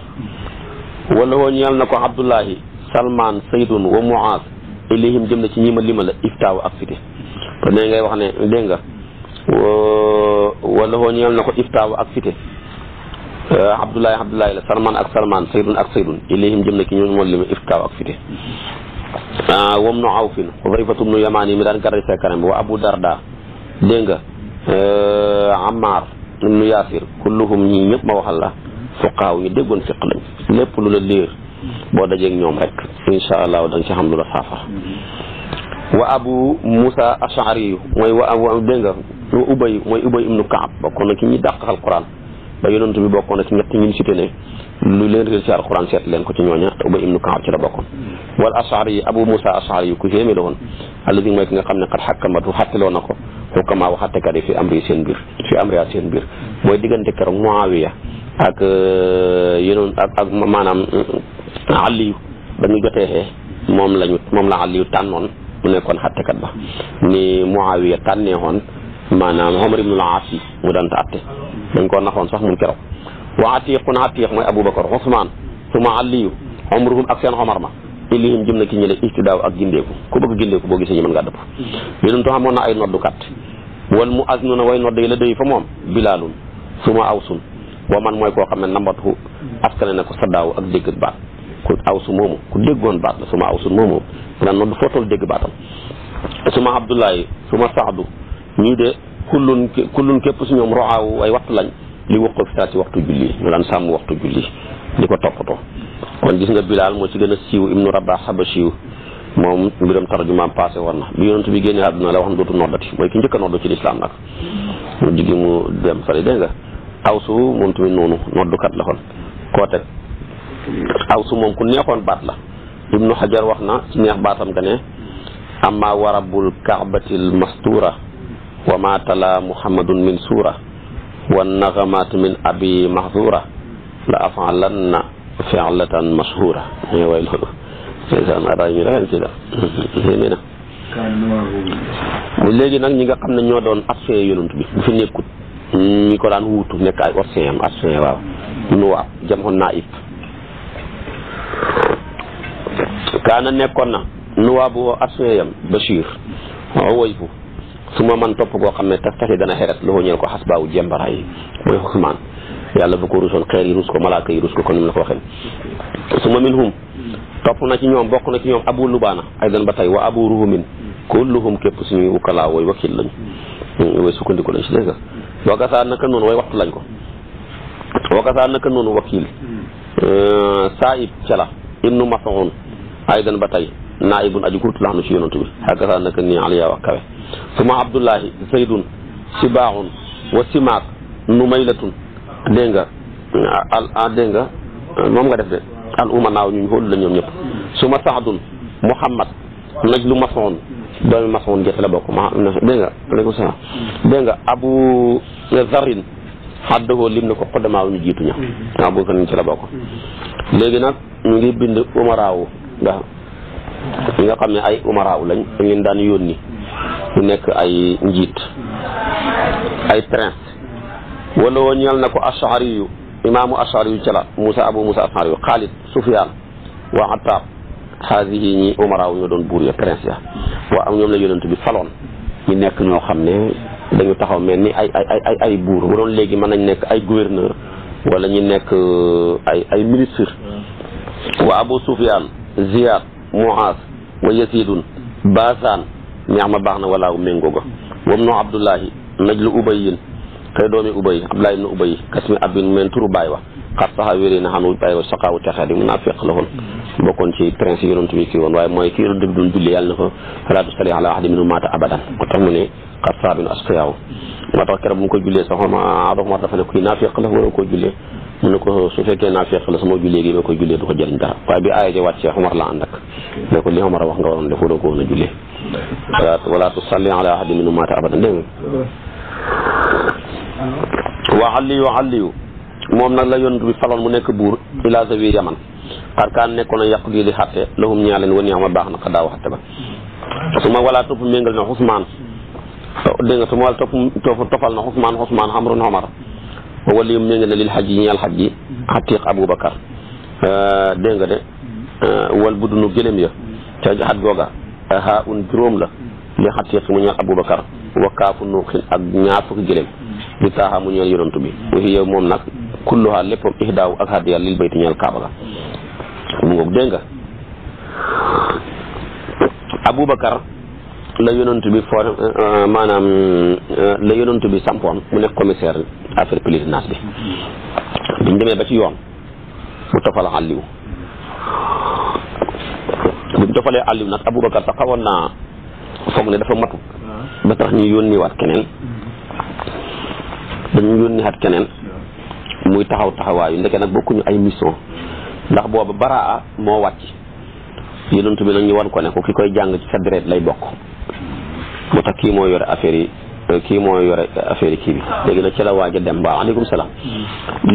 wala woo ñeel na ko abdullahi salman saydun wa muaz ilayhim jëm na ci ñi ma lima la iftaaw ak fite te ne ngay wax ne dégg nga wala woo ñeel na ko iftaaw ak fite euh, abdullahi abdullahi la salman ak salman saydun ak saydun ilayhim jëm na ci ñooñu ma lima iftaaw ak fite euh, wam nu awfin xudayfatu bnu yamaan yi mi daan garde sa kanam wa abu darda dégg nga euh, ammaar ibnu yaasir kulluhum ñii ñëpp ma waxal la fuqaaw yu déggoon fiq lañ lépp lu la liir boo dajeeg ñoom rek incha allah da nga xam lu la saafara mm-hmm. wa abu moussa ashari yu mooy wa a dégg nga wa ubay mooy kaab bokkoon na ci ñi dàq alquran ba yonent bi bokkoon na ci ñett ñun si ne lu leen réer ci alquran seet leen ko ci ñooña te ubay ibnu kaab ci la bokkoon mm-hmm. wal ashari yi abu moussa ashari yu ku yéeme la woon alladi mooy ki nga xam ne xat xakkamatu xattiloo na ko xukamaa waxattekat yi fi amri seen biir fi amri seen biir mm-hmm. mooy diggante keroog muawiya ak euh, yenoon ak ak maanaam Aliyu euh, ba ñu jotee moom lañu moom la Aliyu tànnoon mu nekkoon xattekat ba ni Muawiya tànnee woon maanaam Omar ibnul Aas yi mu daan ta atte dañ koo naxoon sax mu keroog wa atiqun atiq mooy Aboubacar Ousmane suma Aliyu omruhum ak seen Omar ma ilihim jëm na ci ñële istidaaw ak gindeeku ku bëgg gindeeku boo gisee ñu mën ngaa dëpp yénun to xamoon na ay noddukat wal mu asnuna way nodd yi la doy fa moom su ma aw awsun wa man mooy koo xam ne nambatu askane ne ko saddaaw ak dégg baat ku aw su moomu ku déggoon baat la su ma aw su moomu dana noonu du footool dégg baatam su ma abdoulaye su ma saadu ñii de kullun kullun képp si ñoom roxaawu ay waxtu lañ li waqo fi taati waxtu julli ñu daan sàmm waxtu julli di ko toppatoo kon gis nga bilaal moo ci gën a siiw ibnu rabah habashiyu moom mbiram tarjumaam passé woon na bi yonent bi génne àdduna la wax na dootu noddati mooy ki njëkk ci lislaam nag mu jigi mu dem fële awsu moom tamit noonu noddukat la kon koo teg awsu moom ku neexoon baat la ibnu xajar wax na neex baatam ga ne amma warabul kaabatil mastura wa ma tala muhammadun min suura wa naxamaatu min abi mahzura la afalanna fi'latan mashhura ñooy way loolu léegi nag ñi nga xam ne ñoo doon at fee yonent bi bu fi nekkut ñi ko daan wuutu nekk ay océan naa ib kaana nekkoon na nuwaabu woo océan yam Bachir waaw woy bu ma man topp koo xam ne tas dana xeret loxo ko xas baawu jembara yi mooy ko ruusoon ma minhum topp na ci ñoom bokk na ci ñoom abu lubaana ay dan ba tey wa abu ruhumin kulluhum képp suñuy ukalaa wooy wakil lañ hmm, way sukkandiku lañ si dégg wa kasaa naka noonu way waxtu lañ ko wa kasaa naka noonu wakiil euh, saib cala ibnu masaxun aydan ba tey naibun aji kurtu laxnu ci yonantu bi wa kasaa naka nii aliya wax kawe suma abdullahi zaydun sibaaxun wa simaak numaylatun dégg nga al ah, dégg nga moom nga def de al uma naaw ñu xoolu la ñoom ñëpp suma saadun muhammad najlu masaxun doomi masoon jëtt la bokk ma dégg nga aleykum salaam dégg nga abu zarin xaddahoo lim na ko xoddamaaw ñu jiitu ña waaw bu kan ci la bokk mm-hmm. léegi nag ñu ngi bind umaraawu nga ñi nga xam ne ay umaraaw lañ dañ leen daan yónni ñu nekk ay njiit ay prince wala woo ñeel na ko ashari yu imaamu ashari yu ci la Moussa Abu Moussa ashari yu Xaalid Sufyaan wa Attaab ñi umaraaw ñoo doon buur ya prince ya waaw am ñoom la yonent bi faloon ñu nekk ñoo xam ne dañu taxaw mel ni ay ay ay ay buur bu léegi mën nañ nekk ay gouverneur wala ñu nekk euh, ay ay ministre mm. waa Abu Sufyaan Ziyaad Muaaz wa Yasidun Baasaan ñaax ma baax na walaawu méngoo ga wam noo Abdullahi najlu ubayin xëy doomi ubay Abdullahi ibnu ubay kasmi abin men turu baay wa xat saxa wéree na xanu ay wa saqaawu texeet yi mun naa féq la woon mm. bokkoon ci prince yonent bi kii woon waaye mooy kii yonent bi doon julli yàlla na ko salaatu sali ala ahadi minhum maata abadan moo tax mu ne bu ko jullee sax Omar Omar dafa ne kuy naafiq la waroo koo jullee ko su fekkee naafiq la sama jullee gi koy jullee du ko jëriñ dara bi aaya ja wàccee Omar la ànd ak ne ko a wax nga waroon def waroo ko woon a jullee wala tusalli ala ahadi minhum maata abadan dégg nga waxal liyu waxal liyu moom la yonent bi faloon mu nekk buur ilaa zawi yaman xarkaan nekkoon a yàqu di di xatte lahum ñaa leen wan ñaama baax na xa daaw xatte ba su ma walaa topp méngal na xusmaan dégg su ma wala topp tofal na xusmaan xusmaan xamrun xamar wala yum méngal na lil xaj yi ñeel xaj yi xatiq aboubacar euh, dégg nga de euh, wal bu dunu gëlëm ya ca xat googa ha un juróom la li xatiq mu ñeel aboubacar wa kaafu nuuxin ak ñaar fukki gëlëm li taaxaa mu ñeel yonantu bi mu yow moom nag kulluha léppam ihdaaw ak hadiya lil bayti ñeel kaaba mu ngoog dégg nga Aboubacar la yonent bi for euh, euh, maanaam euh, la yonent bi sampoon mu nekk commissaire affaire pèlerinage bi buñ demee ba ci yoon mu tofal Aliou buñ tofalee Aliou nag Aboubacar sax xawoon naa foog ne dafa matu ah. ba tax ñu yónni waat keneen mm-hmm. dañu yónni waat keneen muy taxaw taxawaayu ndeke nag bokkuñu ay mission ndax boobu baraa moo wàcc yonent bi nag ñu wan ko ne ko ki koy jàng ci sa deret lay bokk moo tax kii moo yore affaire yi euh, kii moo yore affaire yi kii bi léegi nag ci la waaja dem waaw aleykum salaam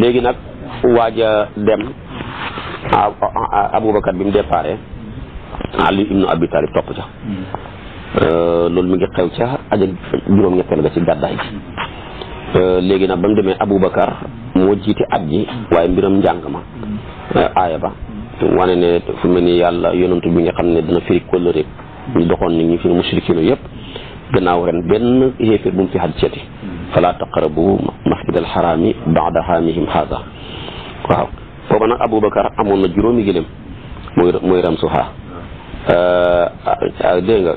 léegi nag waaja a dem aboubacar bi mu déparé ali ibnu abi talib topp ca euh, loolu mi ngi xew ca aja juróom-ñetteel ga ci gàddaay gi euh, léegi nag ba mu demee aboubacar moo jiite at ji waaye mbiram njàng ma aaya ba wane ne fu bi nga xam ne dana firi kóllëre ñu doxoon ni ñu fi musrikiinu yëpp gannaaw ren benn xéeféer bu mu fi xaj seeti fala taqrabu masjidal xaraami baada xaamihim haada waaw booba nag aboubacar amoon na juróomi gëléem muy muy ram suxaa dégg nga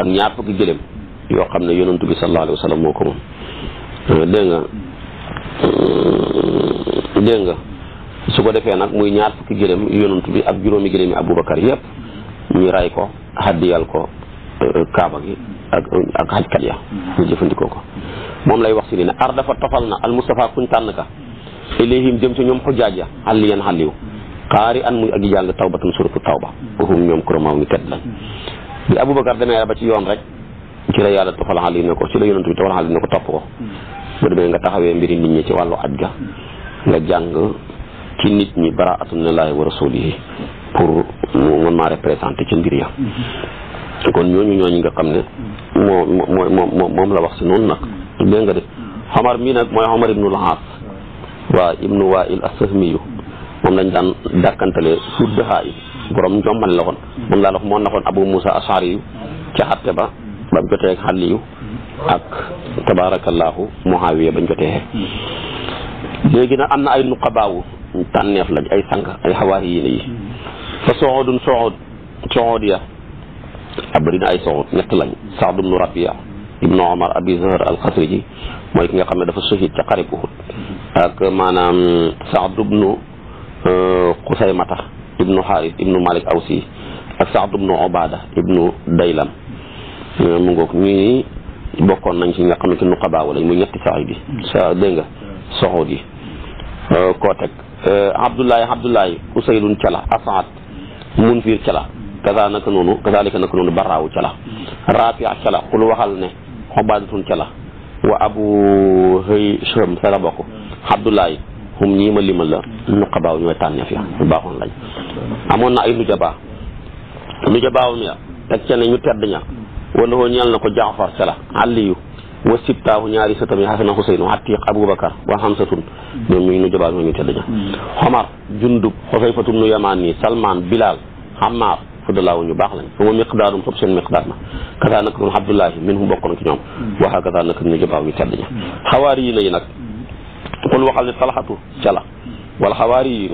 ak ñaar yoo xam ne yonantu bi sallallahu alayhi wa sallam moo ko moom dégg nga su ko defee nag muy ñaar fukki gëléem yonent bi ak juróomi gëléem yi Abubakar yëpp ñu ray ko xaddiyal ko euh, euh, kaaba gi ak ak xajkat ya mm-hmm. ñu jëfandikoo ko moom lay wax si ni ne ar dafa tofal na al Mustafa kuñ tànn ka ilayhim jëm ci ñoom xujjaaj ya xalli yan xalliw xaari an muy ak jàng tawbatun suratu tawba uhum mm-hmm. ñoom kuramaaw ni tedd lañ mm-hmm. bi Abubakar demee ba ci yoon rek ci la yàlla tofal xalli ne ko ci la yonent bi tofal xalli ne ko topp ko bu demee nga taxawee mbiri nit ñi ci wàllu aj ga jàng ci nit ñi baraatun minallaahi wa rasuulihi pour mu mën maa représenté ci mbir ya mm-hmm. kon ñooñu ñooñu nga xam ne moo moo moo moom la wax si noonu nag mm-hmm. dégg nga de xamar mii nag mm-hmm. waa ibnu waa'il lañ daan dàkkantale suud dahaa yi borom njombal moo naxoon abu musa ashari yu ca xatte ba bañ jotee bañ jotee léegi nag am na ay nuqabaawu tànneef lañ ay sànq ay xawaari yi ne hmm. yi fa soxodun soxod soxod ya a na ay soxod ñett lañ Saad ibnu Rabia ibnu Omar Abi Zahr al-Xasriji ki nga xam ne dafa shahid ca xarib Uhud ak maanaam Saad ibnu euh, Xusaymata ibnu Xaaris ibnu Malik Awsi ak Saad ibnu Obada ibnu Daylam euh, mu ngoog ñii bokkoon nañ ci nga xam ne ci nuqabaaw lañ muy ñetti sax bi hmm. dégg nga soxod yi euh, koo Euh, abdoulaye abdoulaye usaylun cala asaad munfir cala kaza naka noonu kazalika naka noonu baraawu cala rafia cala xul waxal ne xobadatun cala wa abu hëy shëm sa la bokk abdoulaye xum ñii ma limal la nuqabaaw ñooy tànneef ya lu baaxoon lañ amoon na ay nujabaa nujabaawam ya teg ca ñu tedd wala ñeel na ko jaafar cala àlliyu wa sibtaahu ñaari sëtam yi xasana xuseynu atiq aboubacar wa xamsatun ñoom ñuy nu jabaat ñu tedd ña xomar jundub xosayfatun nu yamaan nii salman bilal xamaar fuddalaawu ñu baax lañ su ma miqdaarum sopp seen miqdaar na kasaa naka doon abdullahi min hum bokkoon ci ñoom waxaa kasaa naka ñu jabaaw ñu tedd ña xawaari yi nayi nag qul waxal ne talxatu cala wala xawaari yi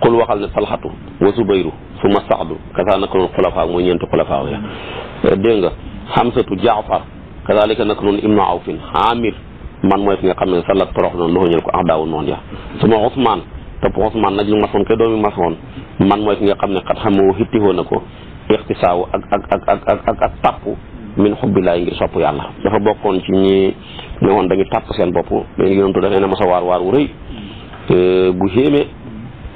qul waxal ne talxatu wa zubayru suma saxdu kasaa naka doon xulafaa mooy ñeenti xulafaa ya dégg nga xamsatu jaafar kazalika nag noonu ibnu awfin amir man mooy ki nga xam ne sala torox noonu loxo ñel ko ah daawu noonu ya suma Usmaan topp Usmaan nag lu masoon ke doomi ki nga xam ne xat xamoo xittiwoo na ko ixtisaawu ak ak ak ak ak ak ak tàpp min xubbilaay ngir yàlla dafa bokkoon ci ñi ne woon dañu tàpp seen bopp dañu yontu dafee ne masa waar waar wu rëy euh, bu xéemee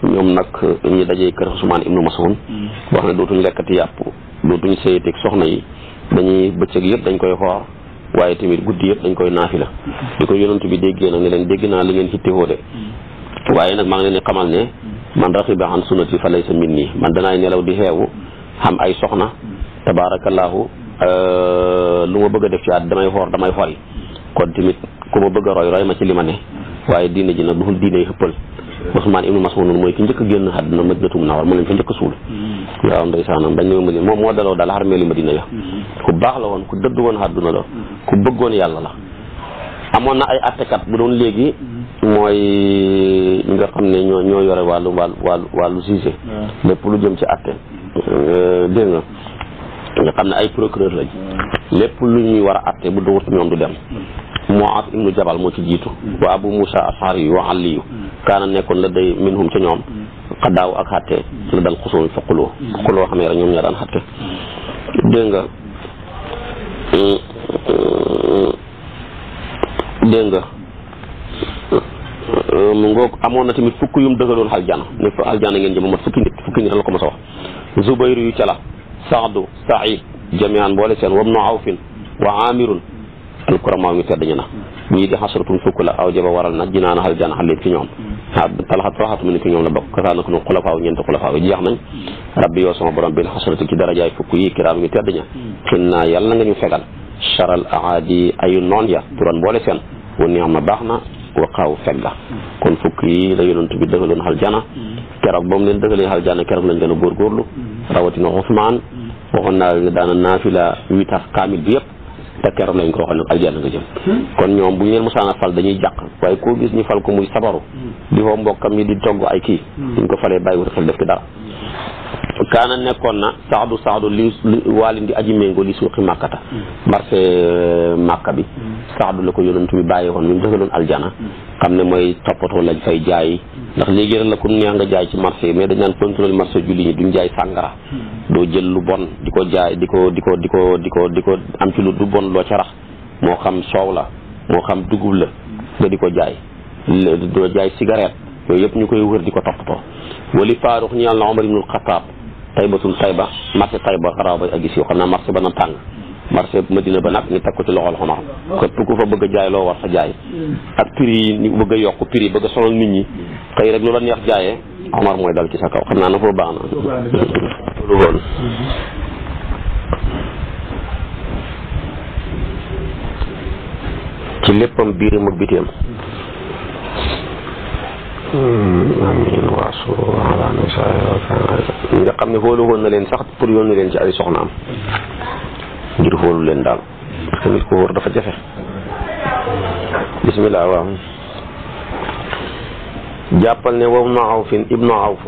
ñoom nag ñu dajee kër Usmaan ibnu Mas'ud wax ne dootuñ lekkati yàpp dootuñ sëyati soxna yi dañuy bëccëg yëpp dañ koy xoor waaye tamit guddi yëpp dañ koy la di ko yonent bi déggee nag ne leen dégg naa li ngeen xittewoo de waaye nag maa ngi leen di xamal ne man raxiba an sunnati fa laysa minni man danaay nelaw di xeewu xam ay soxna tabaarakallaahu euh, lu ma bëgg a def ci at damay xoor damay fori kon tamit ku ma bëgg a roy roy ma ci li ma ne waaye diine ji nag duxul diine yi xëppal Ousmane ibnu Mas'ud mooy ki njëkk a génn àdduna Madinatul Munawwara moom lañ fa njëkk a suul mm-hmm. waaw ndeysaanam dañ ne Madina moom moo daloo li xarmeeli Madina ya mm-hmm. ku baax la woon ku dëdd woon àdduna la mm-hmm. ku bëggoon yàlla la amoon na ay attekat bu doon léegi mooy ñi nga xam ne ñoo ñoo yore wàllu wàllu wàllu wàllu juge lépp lu jëm ci atte euh, dégg nga xam ne ay procureur lañ lépp lu ñuy war a atte bu duwut ñoom du dem Muaaz ibnu Jabal moo ci jiitu mm. wa Abu Musa Ashari wa Aliyu mm. kaana nekkoon la day minhum ca ñoom xaddaaw mm. ak xatte ci la dal xusoomi fa xuloo xuloo xamee rek ñoom ñoo daan xatte dégg nga dégg nga mu ngoog amoon na tamit fukk yum dëgaloon aljana ne fa aljana ngeen jëm ba mat fukki nit la ko mos a wax Zubayru yu cala Saadu Saïd jamian boole seen wabnu awfin wa amirun alkuramaa mi tedd ñu na ñii di xasratum fukk la aw jaba waral na jinaan xal jaan xal lépp ci ñoom ah talaxat falaxat mu ne ci ñoom la bokk kasaa nag nu xulafaaw ñeenti xulafaaw jeex nañ hmm. rabbi yow sama borom bil xasrati ci darajaay fukk yi kiraam mi tedd ña xin hmm. naa yàlla nga ñu fegal charal aadi ayu noon ya turan boole seen wu neex ma baax na waqaaw feg la hmm. kon fukk yi la yonent bi dëgaloon xal jana keroog ba mu leen dëgalee xal jana keroog lañ gën a góorgóorlu rawatina Ousmane waxoon naa ne daana naafila witar kaamil yëpp te keroog lañ ko waxoon nag aljanna nga jëm hmm? kon ñoom bu ñu leen mosaan a fal dañuy jàq waaye koo gis ñu fal ko muy sabaru hmm. di woo mbokkam yi di togg ay kii hmm. ko falee bàyyi wut xel def ki dara kaana nekkoon na saxdu saxdu li waalin di aji méngoo li suuqi màkkata euh, marché màkka bi saxdu la ko yonantu bi bàyyi woon mi mu dëgaloon aljana xam ne mooy toppatoo lañ koy jaay ndax léegi rek la ku neex nga jaay ci yi mais dañ naan contrôle marché julli ñi duñ jaay sàngara doo jël lu bon di ko jaay di ko di ko di ko di ko di ko am ci lu du bon loo ca rax moo xam soow la moo xam dugub la nga di ko jaay doo jaay cigarette yooyu yëpp ñu koy wër di ko toppatoo wali taybatul tayba marché tayba xaraa bay a gis yu xam naa marché ba na tàng ma madina ba nag ñu teg ko ci loxol xomar képp ku fa bëgg jaay loo war sa jaay ak prix yi bëgg yokk prix yi bëgg a sonal nit ñi xëy rek lu a neex jaayee xomar mooy dal ci sa kaw xam naa na foo baax na lu woon ci léppam biiram ak biteem Hmm, amiin nga xam ne xoolu woon na leen sax pour na leen ci ay soxnaam. ngir xoolu leen daal. parce nit ko wóor dafa jafe. bisimilah waaw. jàppal ne wam na awfin ibnu awf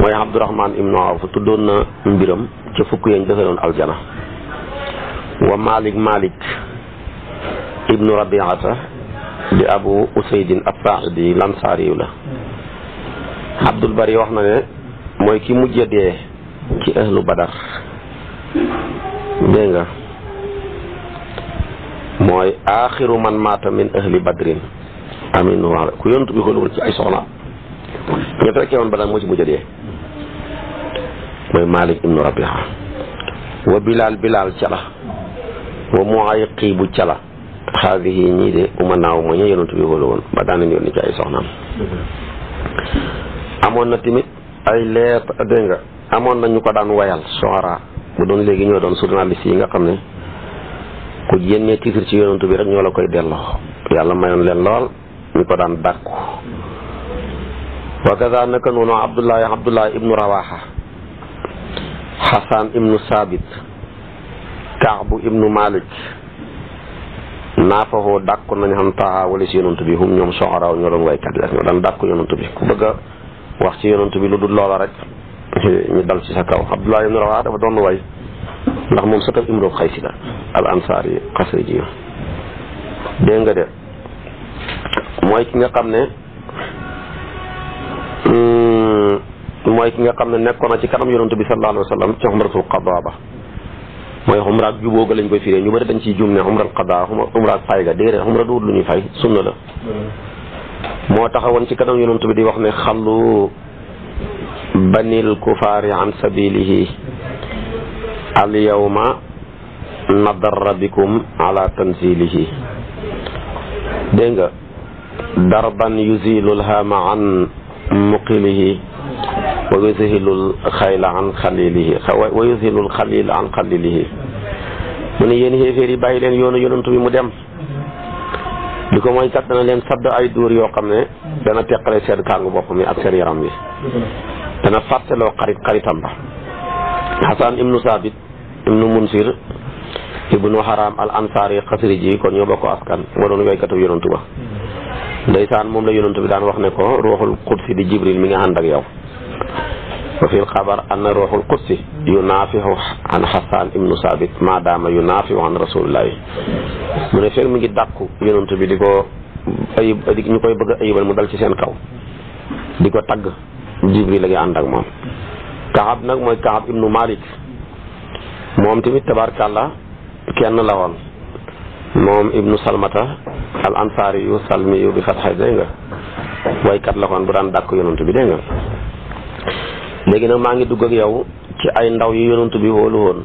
mooy abdurahman ibnu awf tuddoon na mbiram ca fukk yañ defaloon aljana wa malik malik ibnu rabiata di abu usaydin di saaidi lansaariyu la abdul bari wax na ne mooy ki mujj dee ci ahlu badar dégg nga mooy aaxiru man maata min ahli badrin amin waala ku yontu bi ko lugal ci ay soxna ña fekkee woon badar moo ci mujj dee mooy malik ibnu rabiha wa bilaal bilaal cala wa muayqibu cala xaalis yi ñii de uma naaw mooy ñu yonent bi wóolu woon ba daan nañu yónni ci ay soxnaam. amoon na tamit ay leet dégg amoon na ñu ko daan wayal soxara bu doon léegi ñoo doon journaliste yi nga xam ne ku jénnee titre ci yonent bi rek ñoo la koy delloo. yàlla mayoon leen lool ñu ko daan dàkku. wa naka noonu Abdullahi Abdullahi ibnu Rawaha Xasan ibnu Sabit Kaabu ibnu Malik. naa foofu dàkku nañu xam taaxa wala si yonantu bi hum ñoom soxoraaw ñoo doon waykat yi ñoo daan dàkku yonantu bi ku bëgg a wax ci yonantu bi lu dul loola rek ñu dal ci sa kaw Abdullah ibn Rawah dafa doon way ndax moom sëtëb Imru Xaysi la al ansaar yi xasri ji dégg nga de mooy ki nga xam ne mm, mooy ki nga xam ne nekkoon na ci kanam yonantu bi sallallahu alayhi wa sallam ci umratul qadaa ba mooy umraak jubóog lañ koy firee ñu bëri dañ ciy jum ne umral qadaa umraak fay ga déedéet umra duut lu ñuy fay sunna la moo taxawoon ci kanam yonent bi di wax ne xallu banil kufaari an sabilihi al yawma nadarra bikum ala tanzilihi dégg nga darban yuzilul hama an muqilihi wa yushilul xayla an xalilihi wa yushilul xalil an xalilihi mu ne yéen xéeféer yi bàyyi leen yoonu yonantu bi mu dem li ko mooy kat dana leen sadd ay dóor yoo xam ne dana teqale seen kàngu bopp mi ak seen yaram bi dana fàtteloo xarit xaritam ba xasan ibnu sabit ibnu munsir ibnu haram al ansaari xasri ji kon ñoo bokk askan moo doon woykatu yonantu ba ndeysaan moom la yonantu bi daan wax ne ko ruuxul qudsi di jibril mi nga ànd ak yow wa fi lxabar anna ruuxul qudsi yunaafihu an xasan ibnu sabit maadaama yunaafihu an rasulillahi mu ne feeg mi ngi dàkku yonent bi di ko ayib di ñu koy bëgg a ayibal mu dal ci seen kaw di ko tagg jibril la ngi ànd ak moom kaxab nag mooy kaxab ibnu malik moom tamit tabarkàlla kenn la woon moom ibnu salmata al ansaari yu salmi yu bi fatxay dégg nga waykat la woon bu daan dàkk yonent bi dégg nga léegi nag maa ngi dugg ak yow ci ay ndaw yu yonantu bi wóolu woon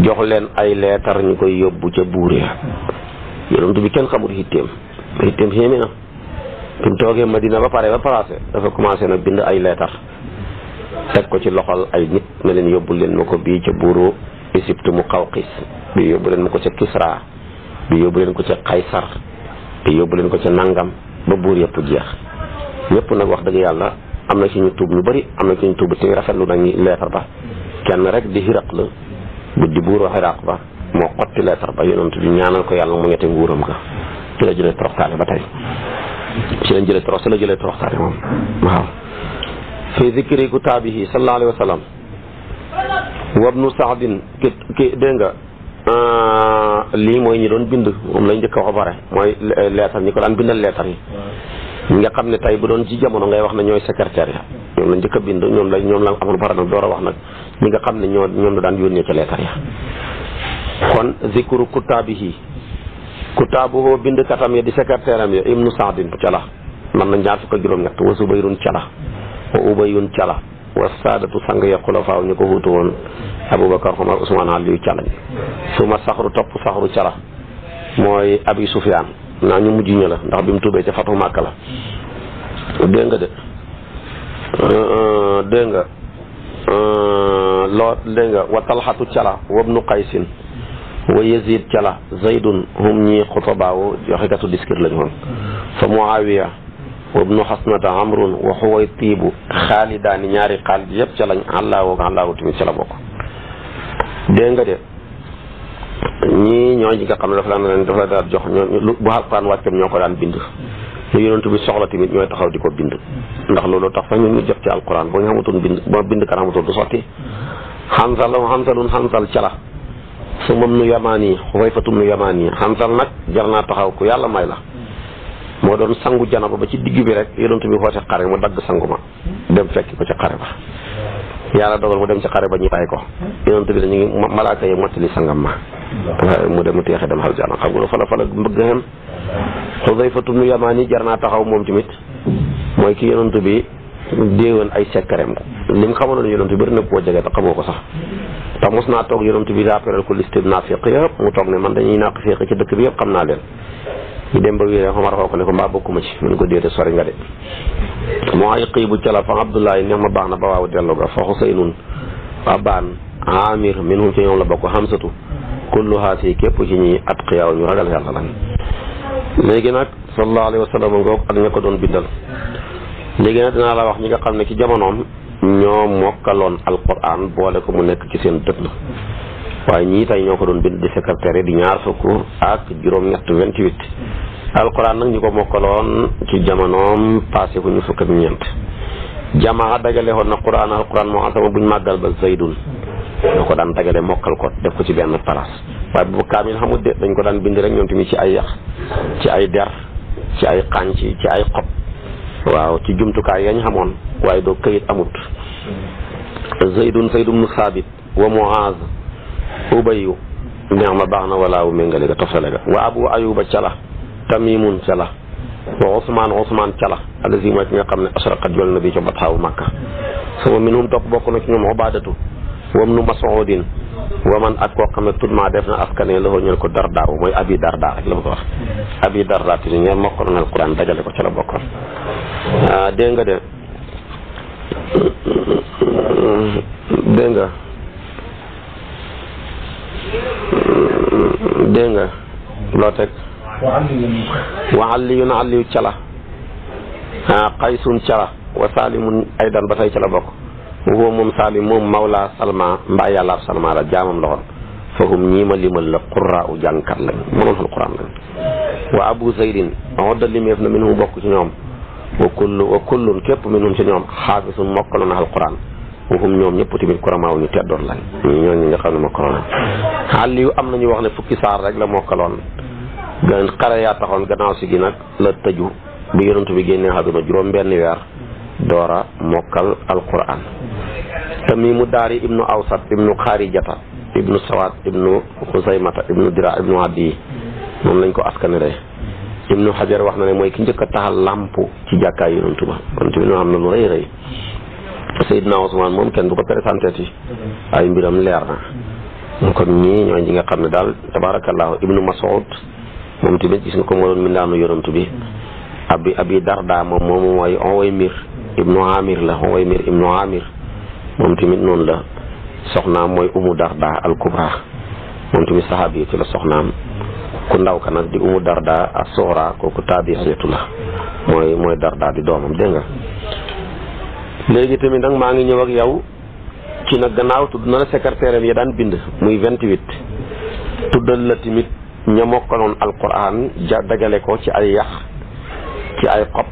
jox leen ay leetar ñu koy yóbbu ca buur ya yonantu bi kenn xamut xitteem xitteem xéeme na bi mu toogee Madina ba pare ba placé dafa commencé nag bind ay leetar teg ko ci loxol ay nit ne leen yóbbu leen ma ko bii ca buuru Égypte mu Qawqis bi yóbbu leen ma ko ca Kisra bi yóbbu leen ko ca Qaysar bi yóbbu leen ko ca Nangam ba buur yëpp jeex yëpp nag wax dëgg yàlla am na ci ñu tuub ñu bari am na ci ñu tuub te rafetlu nañu leetar ba kenn rek di xiraq la bu di buuru xiraq ba moo xotti leetar ba yonent bi ñaanal ko yàlla mu ñetti nguuram ga ci la jëlee toroxtaane ba tey ci lañ jëlee torox ci la jëlee toroxtaane moom waaw fi zikri kutaabihi sa alayhi wa sallam wabnu saadin ki ki dégg nga ah, lii mooy ñu doon bind moom lañ njëkk a wax bare mooy leetar ñi ko daan bindal leetar yi ñi nga xam ne tey bu doon ci jamono ngay wax na ñooy secrétaire ya ñoom la njëkk a bind ñoom la ñoom la amul pare nag door wax nag ñi nga xam ne ñoo ñoom la daan yónnee ca leetar ya kon zikru kutaabihi kutaabuhu bind katam ya di secrétaire am ya ibnu saadin cala man na ñaar fukk ak juróom-ñett wa subayrun cala wa cala wa saadatu sang ya xulafaa ñu ko wuutu woon abubakar omar usmaan aliyu calañ ma saxru topp saxru cala mooy abi sufyaan naa ñu mu ña la ndax bi mu tuubee ca fatu màkk la dégg nga de euh, euh, dégg nga euh, loo dégg nga wa talxatu cala wabnu qaysin wa yazid cala zaydun hum ñi xutabaawu joxekatu diskir lañu woon fa muawiya wabnu xasnata amrun wa xuway tiibu xaalidaani ñaari xaalid yëpp ca lañ àllaawu àllaawu tamit ca la bokk dégg nga de ñii ñoo ñi nga xam ne dafa daan dafa la daan jox ñoo bu alquran wàccoon ñoo ko daan bind lu yonent bi soxla tamit ñooy taxaw di ko bind ndax loolu tax sax ñun ñu jot ci alquran ba ñu xamutoon bind ba bind kan xamutoon du sotti xansal xansalun xansal cala su moom nu yamaan yi xufayfatum nu yamaan yi xansal nag jar naa taxaw ko yàlla may la moo doon sangu janaba ba ci digg bi rek yonent bi xoote xare mu dagg sangu ma dem fekki ko ca xare ba yàlla dogal mu dem ci xare ba ñu bàyyi ko yonent bi ñu ngi malaaka yi mottali sangam ma mu dem teexe dem xal jana xam nga fala fala mbëgg xam Xudayfatu bnu Yamaan yi jar naa taxaw moom tamit mooy ki yonent bi déewoon ay sekkareem li mu xamaloon yonent bi bëri na koo jege te xamoo ko sax tax mos naa toog yonent bi daa peral ko liste bi naafiq yëpp mu toog ne man dañuy naafiq ci dëkk bi yëpp xam naa leen ñu dem ba wéeree xomar xoo ko ne ko mbaa bokkuma ci mën ko déete sori nga de moo ay xiibu cala fa abdoulaye neex baax na ba waaw dellu ga fa xuseynun abaan amir minhum ci ñoom la bokk xamsatu kullu yi képp ci ñi at xiyaaw ñu ragal yàlla lañ léegi nag sallallahu alayhi wa sallam ngoog ak ña ko doon bindal léegi nag dinaa la wax ñi nga xam ne ci jamonoom ñoo mokkaloon alquran boole ko mu nekk ci seen dëkk waaye ñii tey ñoo ko doon bind di secrétaire di ñaar fukk ak juróom-ñett vingt-huit alxuraan nag ñu ko mokkaloon ci jamonoom passé ku ñu fukk ak ñeent jamaa dajale woon na quraan alxuraan moo asama buñ màggal ba zaydun ñoo ko daan dajale mokkal ko def ko ci benn place waaye bu kaamil xamut de dañ ko daan bind rek ñoom tamit ci ay yax ci ay der ci ay xànc ci ay xob waaw ci jumtukaay yañ xamoon waaye doo këyit amut zaydun zaydum nu saabit wa muaz ubayu neex ma baax na walaawu méngale ga toftale ga wa abu ayuba cala tamimun cala wa usmaan usmaan cala alasi mooy ki nga xam ne asraqat jol na bi ca bataawu makka sama minhum topp bokk na ci ñoom obadatu wam nu masoodin wa man ak koo xam ne tout ma def na askane la ñu ko dardaa mooy abi dardaa rek la ma ko wax abi dardaa ti na alquran dajale ko ca la bokkoon ah, dégg nga de dégg dégg nga loo teg wa aliyun aliyu cala a ah, qaysun cala wa salimun aydan ba tey cala bokk woo moom salim moom mawla salma mbaa yàllaab salma la jaamam loxoon fahum ñiima limal la qurra u jàngkat lañ mënoon xal quran lañ wa abu zaydin odda limeef na minhum bokk ci ñoom wa kullu wa kullun képp minhum ci ñoom xaafisun mokkaloon na xal quran waxum ñoom ñëpp tamit koramaaw ñu teddoon lañ ñooñu nga xam ne ma am xàll yu am nañu wax ne fukki saar rek la mokkaloon gan xare yaa taxoon gannaaw si gi nag la tëju bi yonent bi génnee àdduna juróom benn weer doora mokkal alquran tamimu daari ibnu awsat ibnu xaarijata ibnu sawaat ibnu xusaymata ibnu dira ibnu addi moom lañ ko askanere ibnu xajar wax na ne mooy ki njëkk a taxal làmp ci jàkkaay yonent ba yonent bi noo am na lu rëy Seydina Ousmane moom kenn du ko présenté ti ay mbiram leer na kon ñii ñooy ñi nga xam ne daal tabaarakallaahu ibnu Mas'ud moom tamit gis nga ko moo doon mindaanu yonantu bi abi abi darda moom moom mooy Uwaymir moom tamit noonu la soxnaam mooy umu darda al kubra moom tamit sahabiyatu la soxnaam ku ndaw ka nag di umu darda as-sughra kooku tabi'iyatu la mooy mooy darda di doomam dégg nga léegi tamit nag maa ngi ñëw ak yow ci nag gannaaw tudd na la secrétaire am ya daan bind muy vingt-huit tuddal la tamit ña mokkaloon alquran ja dagale ko ci ay yax ci ay xob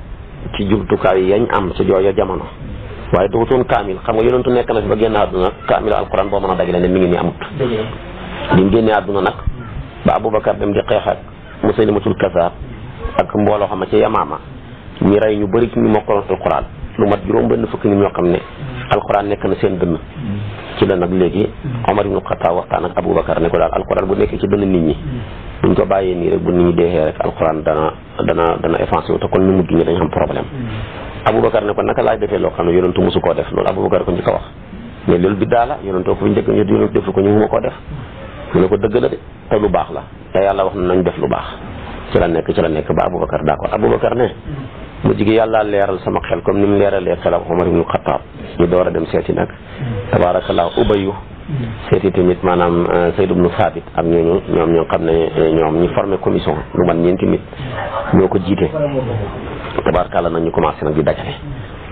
ci jumtukaay yañ am ci jooya jamono waaye dugutoon kaamil xam nga yonentu nekk na fi ba génn àdduna kaamil alquran boo mën a dagale ne mi ngi ni amut li mu génnee àdduna nag ba Aboubacar dem di xeex ak Musaylimatul Kazaab ak mbooloo xam ne ci Yamaama ñi rey ñu bëri ci ñu mokkaloon alquran lu mat juróom benn fukki nit ñoo xam ne mm. alxuraan nekk na seen dënn mm. ci la nag léegi mm. Omar ibnu Xattaab ne ko daal alxuraan bu nekkee ci dënn nit ñi buñ ko bàyyee nii rek bu nit ñi deexee rek alxuraan dana dana dana effacé wu te kon ñu mujj ñi dañ xam problème Aboubacar ne ko naka laay defee loo xam ne yonentu mosu koo def loolu Aboubacar ko njëkk a wax mais loolu bi daa la ko fi ñu yonentu def ñu ma koo def mu ne ko dëgg la de te lu baax la te yàlla wax na nañ def lu baax la nekk ci la nekk ba Aboubacar d'accord mujj gi yàlla leeral sama xel comme ni mu leeralee xelam Omar ibnu Xataab ñu door a dem seeti nag tabaarakallaa ubayu seeti tamit maanaam Sayd euh, ibnu Saabit ak ñooñu ñoom ñoo xam ne euh, ñoom ñu formé commission lu man ñeenti nit ñoo ko jiite tabaarakallaa nag ñu commencé nag di dajale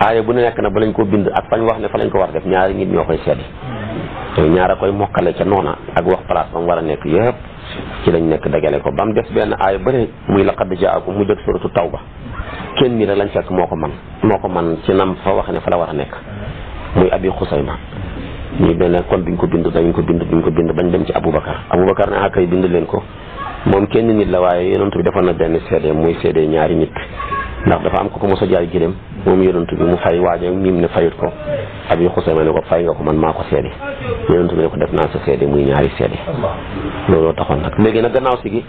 aaya bu nekk na ba lañ ko bind ak ñu wax ne fa lañ ko war def ñaari nit ñoo koy seeti ñaara koy mokkale ca noona ak wax place ba mu war a nekk yëpp ci lañ nekk dajale ko ba mu des benn aaya bëre muy laqad jaakum mu jëkk suratu tawba kenn nii rek lañ fekk moo ko man moo ko man ci nam fa wax ne fa la war a nekk muy abi xusayma ñu benn kon duñ ko bind dañ ko bind duñ ko bind bañ dem ci aboubacar aboubacar ne ah kay bind leen ko moom kenn nit la waaye yonent bi defoon na benn seede muy seede ñaari nit ndax dafa ko ko mos a jaay gëléem moom yonent bi mu fay waaje miim ne fayut ko abi xusayma ne ko fay nga ko man maa ko seede yonent bi ko def naa sa seede muy ñaari seede looloo taxoon nag léegi nag gannaaw si gi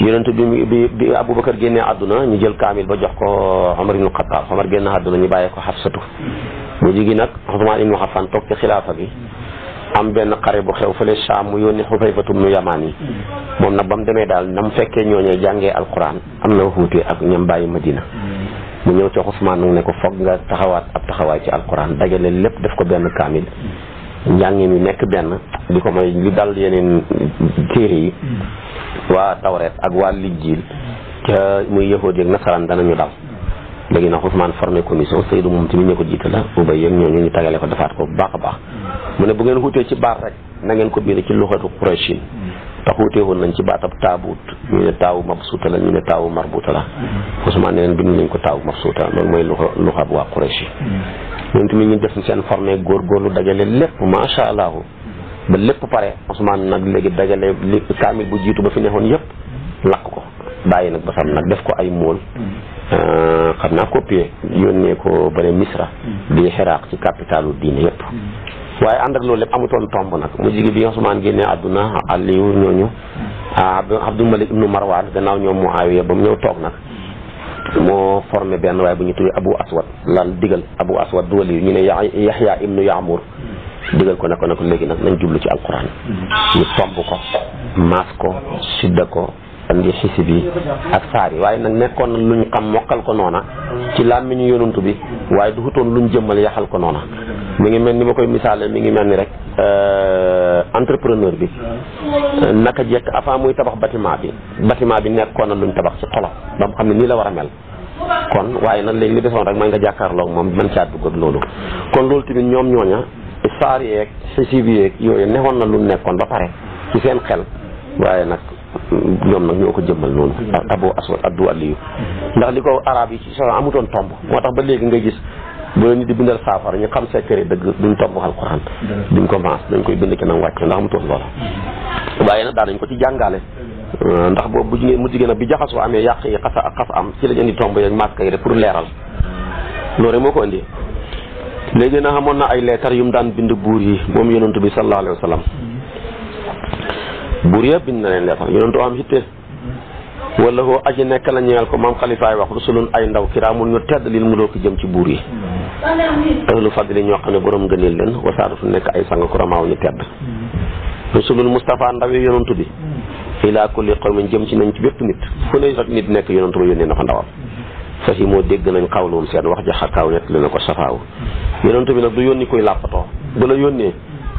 yonent bi bi bi Aboubacar génnee àdduna ñu jël kaamil ba jox ko Omar ibnu Xataab Omar génn àdduna ñu bàyyee ko Xafsatu mujj gi nag Usmaan ibnu Xafaan toog ci xilaafa gi am benn xare bu xew fële Saam mu yónni Xufayfatu ibnu Yamaan yi moom nag ba mu demee daal na mu fekkee ñooñee jàngee alquran am na wuute ak ñam bàyyi Madina mu ñëw ci Usmaan nag ne ko foog nga taxawaat ab taxawaay ci alquran dajale lépp def ko benn kaamil njàngi mi nekk benn di ko may dal yeneen yi waa tawreet ak waa lijjiil ca muy yahood yeeg nasaraan danañu dal léegi nag Ousmane formé commission Seydou moom tamit ñu ko jiite la Oubay yeeg ñooñu ñu tagale ko defaat ko bu baax a baax mu ne bu ngeen xutee ci baax rek na ngeen ko biire ci loxatu Qurayshin tax wutee woon nañ ci baatab taabuut ñu ne taawu mabsuuta la ñu ne taawu marbuuta la Ousmane neen bind nañ ko taawu mabsuuta loolu mooy luxa luxab waa Quraysh ñoom tamit ñu def seen forme góorgóorlu dajale lépp macha allahu ba lépp pare Ousmane nag léegi dajale li kaamil bu jiitu ba fi neexoon yëpp lakk ko bàyyi nag ba sam nag def ko ay mool mm. euh, xam naa copier yónnee ko bëre Misra bii mm. xiraaq ci capitalu diine yëpp mm. waaye ànd ak loolu lépp amutoon tomb nag mu jigi bi Ousmane génnee àdduna Aliou ñooñu ah, Abdou Malik ibnu Marwan gannaaw ñoom Muawiya ba mu ñëw toog nag moo formé benn waaye bu ñu tuddee Abu Aswad lan digal Abu Aswad duwali yu ñu ne Yaxya ibnu Yaamur digal ko ne ko ne ko léegi nag nañ jublu ci alquran ñu tomb ko maas ko sidda ko andi xisi bi ak saar waaye nag nekkoon na luñ xam mokkal ko noona ci làmmiñu yonantu bi waaye du xutoon luñ jëmmal yaxal ko noona mi ngi mel ni ma koy misaale mi ngi mel ni rek euh, entrepreneur bi euh, naka jekk avant muy tabax bâtiment bi bâtiment bi nekkoon na luñ tabax ci xolam ba mu xam ne nii la war a mel kon waaye nag léegi li desoon rek mooy nga jàkkaarlook moom man caa dugg ak loolu kon saar yeeg sisiib yeeg yooyu newoon na lu nekkoon ba pare ci seen xel waaye nag ñoom nag ñoo ko jëmmal noonu abo aswad addu aliyu ndax li ko araab yi ci soo amutoon tomb moo tax ba léegi nga gis boo nit di bindal saafara ñu xam secret dëgg duñ tomb alquran duñ ko maas dañ koy bind ci nam wàcc ndax amutoon loola waaye nag daanañ ko ci jàngale ndax boobu bu mu jigéen a bi jaxasoo amee yàq yi xasa xas am ci lañ indi tomb yeeg masque yi rek pour leeral moo ko indi léegi na xamoon na ay leetar yu mu daan bind buur yi moom yonantu bi sallallahu alayhi wa sallam buur yëpp bind na leen leetar yonantu am hitte wala hoo aji nekk la ñeel ko maam xalifaay wax rusulun ay ndaw kiraamun ñu tedd lil mu ki jëm ci buur yi ahlu fadli ñoo xam ne borom gëneel leen wasaadatu nekk ay sang kuramaaw ñu tedd rusulun Moustapha ndawi yonantu bi ilaa kulli qawmin jëm ci nañ ci bépp nit fu ne rek nit nekk yonantu ba yónnee na fa ndawam moo dégg nañ xaw xawluwum seen wax ja xakaaw nett li na ko safaaw yonentu bi nag du yónni kuy làppatoo bu la yónnee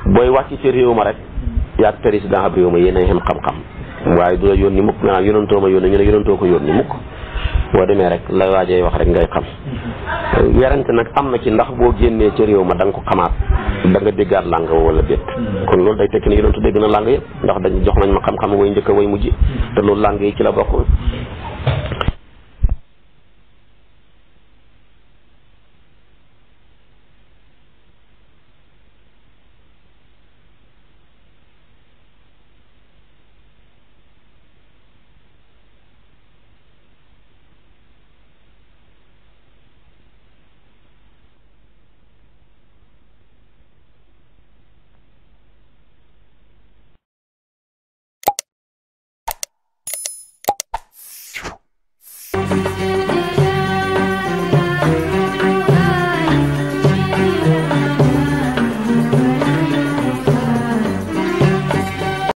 booy wàcc ci réew ma rek yaag président ab réew ma yéen a xam xam-xam waaye du la yónni mukk nga naan yonentoo ma yónni ñu ne yonentoo ko yónni mukk boo demee rek la waajee wax rek ngay xam werante nag am na ci ndax boo génnee ca réew ma da nga ko xamaat da nga déggaat làng wala déet kon loolu day tekki ne yonentu dégg na làng yëpp ndax dañ jox nañ ma xam-xam way njëkk way mujj te loolu làng yi ci la bokk